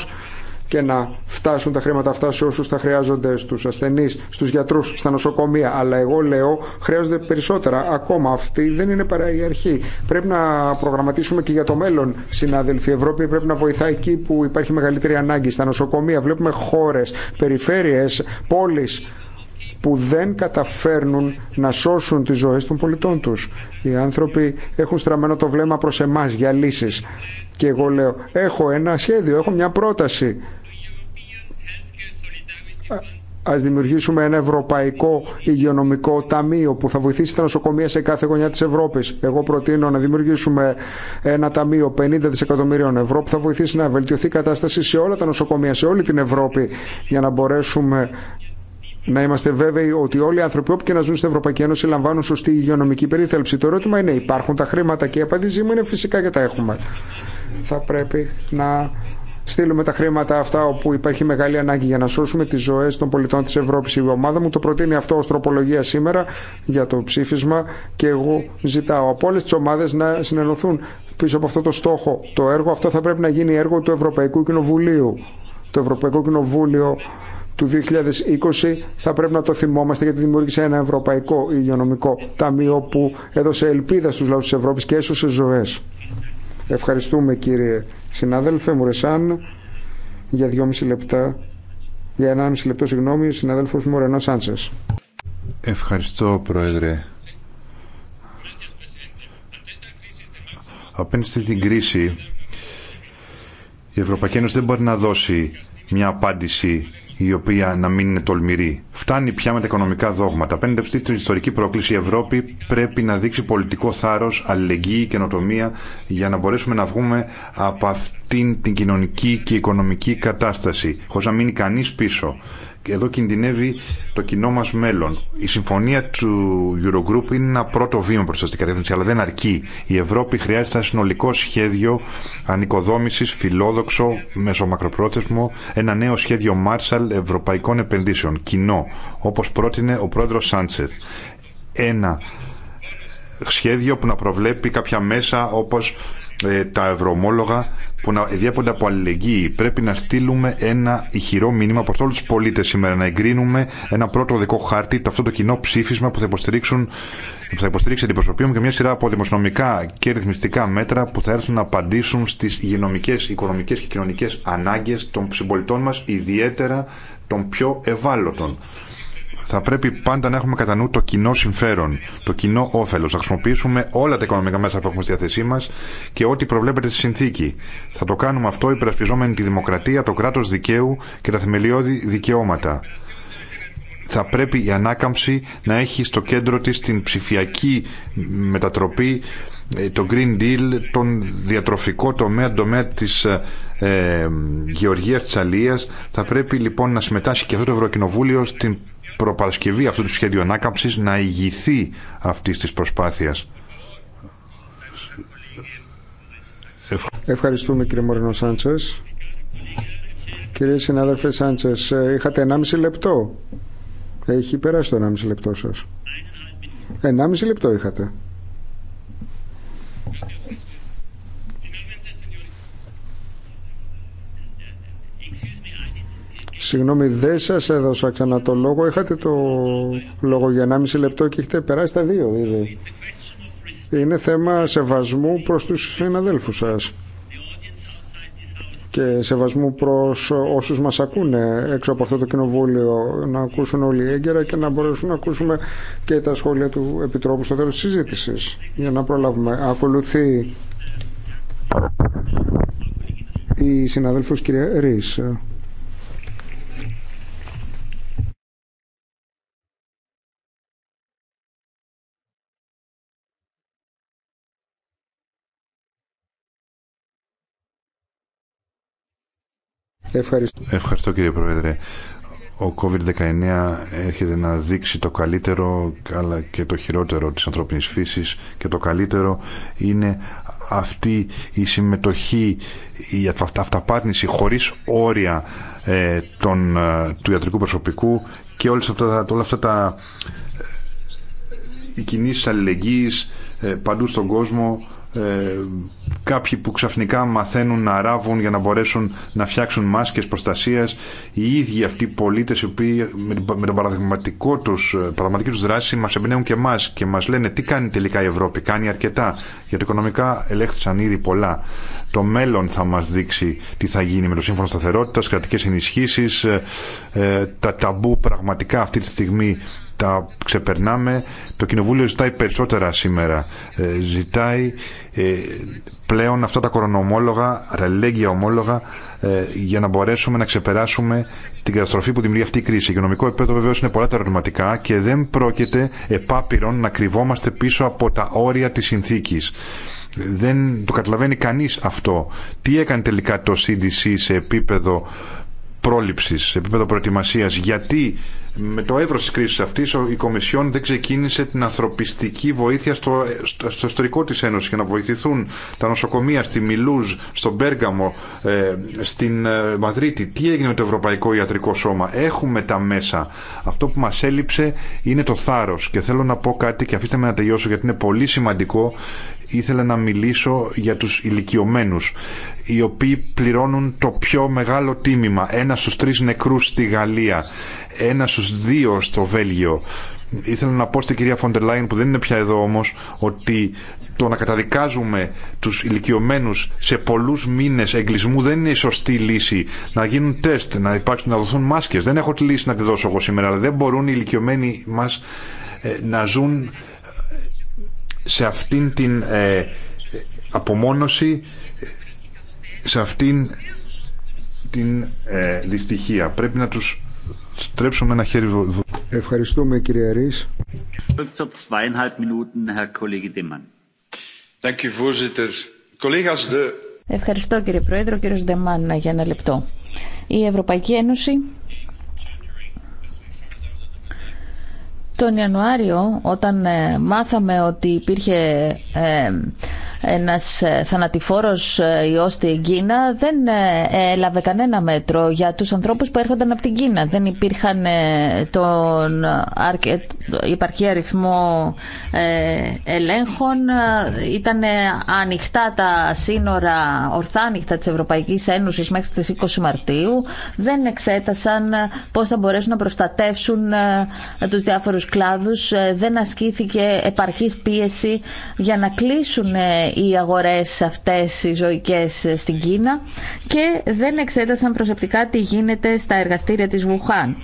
Speaker 2: και να φτάσουν τα χρήματα αυτά σε όσου θα χρειάζονται, στου ασθενεί, στου γιατρού, στα νοσοκομεία. Αλλά εγώ λέω χρειάζονται περισσότερα ακόμα. Αυτή δεν είναι παρά η αρχή. Πρέπει να προγραμματίσουμε και για το μέλλον, συνάδελφοι. Η Ευρώπη πρέπει να βοηθάει εκεί που υπάρχει μεγαλύτερη ανάγκη, στα νοσοκομεία. Βλέπουμε χώρε, περιφέρειε, πόλει που δεν καταφέρνουν να σώσουν τις ζωές των πολιτών τους. Οι άνθρωποι έχουν στραμμένο το βλέμμα προς εμάς για λύσεις. Και εγώ λέω, έχω ένα σχέδιο, έχω μια πρόταση. Ας δημιουργήσουμε ένα ευρωπαϊκό υγειονομικό ταμείο που θα βοηθήσει τα νοσοκομεία σε κάθε γωνιά της Ευρώπης. Εγώ προτείνω να δημιουργήσουμε ένα ταμείο 50 δισεκατομμυρίων ευρώ που θα βοηθήσει να βελτιωθεί η κατάσταση σε όλα τα νοσοκομεία, σε όλη την Ευρώπη για να μπορέσουμε να είμαστε βέβαιοι ότι όλοι οι άνθρωποι όποιοι και να ζουν στην Ευρωπαϊκή Ένωση λαμβάνουν σωστή υγειονομική περίθαλψη. Το ερώτημα είναι υπάρχουν τα χρήματα και η απάντησή μου είναι φυσικά και τα έχουμε. Θα πρέπει να στείλουμε τα χρήματα αυτά όπου υπάρχει μεγάλη ανάγκη για να σώσουμε τις ζωές των πολιτών της Ευρώπης. Η ομάδα μου το προτείνει αυτό ως τροπολογία σήμερα για το ψήφισμα και εγώ ζητάω από όλες τις ομάδες να συνενωθούν πίσω από αυτό το στόχο. Το έργο αυτό θα πρέπει να γίνει έργο του Ευρωπαϊκού Κοινοβουλίου. Το Ευρωπαϊκό Κοινοβούλιο του 2020 θα πρέπει να το θυμόμαστε γιατί δημιούργησε ένα ευρωπαϊκό υγειονομικό ταμείο που έδωσε ελπίδα στους λαούς της Ευρώπης και έσωσε ζωές. Ευχαριστούμε κύριε συνάδελφε Μουρεσάν για 2,5 λεπτά για 1,5 λεπτό συγγνώμη συνάδελφος Μουρενό Σάντσες.
Speaker 3: Ευχαριστώ Πρόεδρε. Απέναντι στην κρίση η Ευρωπαϊκή Ένωση δεν μπορεί να δώσει μια απάντηση η οποία να μην είναι τολμηρή. Φτάνει πια με τα οικονομικά δόγματα. Απέναντι αυτή την ιστορική πρόκληση, η Ευρώπη πρέπει να δείξει πολιτικό θάρρο, αλληλεγγύη, καινοτομία για να μπορέσουμε να βγούμε από αυτήν την κοινωνική και οικονομική κατάσταση, χωρί να μείνει κανεί πίσω εδώ κινδυνεύει το κοινό μα μέλλον. Η συμφωνία του Eurogroup είναι ένα πρώτο βήμα προς αυτήν την κατεύθυνση, αλλά δεν αρκεί. Η Ευρώπη χρειάζεται ένα συνολικό σχέδιο ανοικοδόμησης, φιλόδοξο, μεσομακροπρόθεσμο, ένα νέο σχέδιο Marshall ευρωπαϊκών επενδύσεων, κοινό, Όπω πρότεινε ο πρόεδρο Σάντσεθ. Ένα σχέδιο που να προβλέπει κάποια μέσα όπω ε, τα ευρωομόλογα που να διέπονται από αλληλεγγύη. Πρέπει να στείλουμε ένα ηχηρό μήνυμα προ όλου του πολίτε σήμερα, να εγκρίνουμε ένα πρώτο δικό χάρτη, το αυτό το κοινό ψήφισμα που θα, υποστηρίξουν, που θα υποστηρίξει την μου και μια σειρά από δημοσιονομικά και ρυθμιστικά μέτρα που θα έρθουν να απαντήσουν στι υγειονομικέ, οικονομικέ και κοινωνικέ ανάγκε των συμπολιτών μα, ιδιαίτερα των πιο ευάλωτων θα πρέπει πάντα να έχουμε κατά νου το κοινό συμφέρον, το κοινό όφελο. Θα χρησιμοποιήσουμε όλα τα οικονομικά μέσα που έχουμε στη διάθεσή μα και ό,τι προβλέπεται στη συνθήκη. Θα το κάνουμε αυτό υπερασπιζόμενοι τη δημοκρατία, το κράτο δικαίου και τα θεμελιώδη δικαιώματα. Θα πρέπει η ανάκαμψη να έχει στο κέντρο τη την ψηφιακή μετατροπή, ε, το Green Deal, τον διατροφικό τομέα, τον τομέα τη ε, ε, γεωργίας της αλίας. Θα πρέπει λοιπόν να συμμετάσχει και αυτό το Ευρωκοινοβούλιο στην προπαρασκευή αυτού του σχέδιου ανάκαμψης να ηγηθεί αυτής της προσπάθειας.
Speaker 2: Ευχαριστούμε κύριε Μωρινό Σάντσες. Κύριε συνάδελφε Σάντσες, ε, είχατε 1,5 λεπτό. Έχει περάσει το 1,5 λεπτό σας. 1,5 λεπτό είχατε. Συγγνώμη, δεν σα έδωσα ξανά το λόγο. Είχατε το λόγο για 1,5 λεπτό και έχετε περάσει τα δύο ήδη. Είναι θέμα σεβασμού προς τους συναδέλφους σας και σεβασμού προς όσους μας ακούνε έξω από αυτό το κοινοβούλιο να ακούσουν όλοι έγκαιρα και να μπορέσουν να ακούσουμε και τα σχόλια του Επιτρόπου στο τέλος της συζήτησης για να προλάβουμε. Ακολουθεί η συναδέλφος κυρία Ρης. Ευχαριστώ.
Speaker 3: Ευχαριστώ κύριε Πρόεδρε. Ο COVID-19 έρχεται να δείξει το καλύτερο αλλά και το χειρότερο της ανθρώπινης φύσης και το καλύτερο είναι αυτή η συμμετοχή, η αυταπάτνηση χωρίς όρια ε, των, ε, του ιατρικού προσωπικού και όλες αυτά, όλα αυτά τα ε, οι κινήσεις αλληλεγγύης παντού στον κόσμο ε, κάποιοι που ξαφνικά μαθαίνουν να ράβουν για να μπορέσουν να φτιάξουν μάσκες προστασίας, οι ίδιοι αυτοί οι πολίτες οι οποίοι με τον παραδειγματικό τους, ε, πραγματική τους δράση μας εμπνέουν και εμά και μας λένε τι κάνει τελικά η Ευρώπη, κάνει αρκετά, γιατί οικονομικά ελέγχθησαν ήδη πολλά. Το μέλλον θα μας δείξει τι θα γίνει με το σύμφωνο σταθερότητας, κρατικές ενισχύσεις, ε, ε τα ταμπού πραγματικά αυτή τη στιγμή τα ξεπερνάμε. Το Κοινοβούλιο ζητάει περισσότερα σήμερα. Ε, ζητάει ε, πλέον αυτά τα κορονομόλογα, τα λέγγια ομόλογα, ε, για να μπορέσουμε να ξεπεράσουμε την καταστροφή που δημιουργεί αυτή η κρίση. Η οικονομικό επίπεδο βεβαίω είναι πολλά τα ερωτηματικά και δεν πρόκειται επάπειρον να κρυβόμαστε πίσω από τα όρια τη συνθήκη. Δεν το καταλαβαίνει κανείς αυτό. Τι έκανε τελικά το CDC σε επίπεδο πρόληψη, σε επίπεδο προετοιμασία, γιατί με το εύρο τη κρίση αυτή, η Κομισιόν δεν ξεκίνησε την ανθρωπιστική βοήθεια στο, στο ιστορικό της για να βοηθηθούν τα νοσοκομεία στη Μιλούζ, στον Πέργαμο, ε, στην ε, Μαδρίτη. Τι έγινε με το Ευρωπαϊκό Ιατρικό Σώμα. Έχουμε τα μέσα. Αυτό που μα έλειψε είναι το θάρρο. και θέλω να πω κάτι και αφήστε με να τελειώσω γιατί είναι πολύ σημαντικό ήθελα να μιλήσω για τους ηλικιωμένου, οι οποίοι πληρώνουν το πιο μεγάλο τίμημα ένα στους τρεις νεκρούς στη Γαλλία ένα στους δύο στο Βέλγιο ήθελα να πω στην κυρία Φοντελάιν που δεν είναι πια εδώ όμως ότι το να καταδικάζουμε τους ηλικιωμένου σε πολλούς μήνες εγκλισμού δεν είναι η σωστή λύση. Να γίνουν τεστ, να, υπάρξουν, να δοθούν μάσκες. Δεν έχω τη λύση να τη δώσω εγώ σήμερα, αλλά δεν μπορούν οι ηλικιωμένοι μας ε, να ζουν σε αυτήν την ε, απομόνωση, σε αυτήν την ε, δυστυχία. Πρέπει να τους
Speaker 2: στρέψουμε ένα χέρι βοδού. Ευχαριστούμε κύριε Ρης.
Speaker 1: Ευχαριστώ κύριε Πρόεδρο, κύριος Ντεμάν για ένα λεπτό. Η Ευρωπαϊκή Ένωση Τον Ιανουάριο όταν ε, μάθαμε ότι υπήρχε ε, ένας ε, θανατηφόρος ε, ιός στην Κίνα δεν ε, έλαβε κανένα μέτρο για τους ανθρώπους που έρχονταν από την Κίνα. Δεν υπήρχαν τον υπαρχή αριθμό ελέγχων, ήταν ανοιχτά τα σύνορα, ορθά ανοιχτά της Ευρωπαϊκής Ένωσης μέχρι τις 20 Μαρτίου, δεν εξέτασαν πώς θα μπορέσουν να προστατεύσουν τους διάφορους κλάδους, δεν ασκήθηκε επαρκής πίεση για να κλείσουν οι αγορές αυτές οι ζωικές ε, στην Κίνα και δεν εξέτασαν προσεκτικά τι γίνεται στα εργαστήρια της Βουχάν,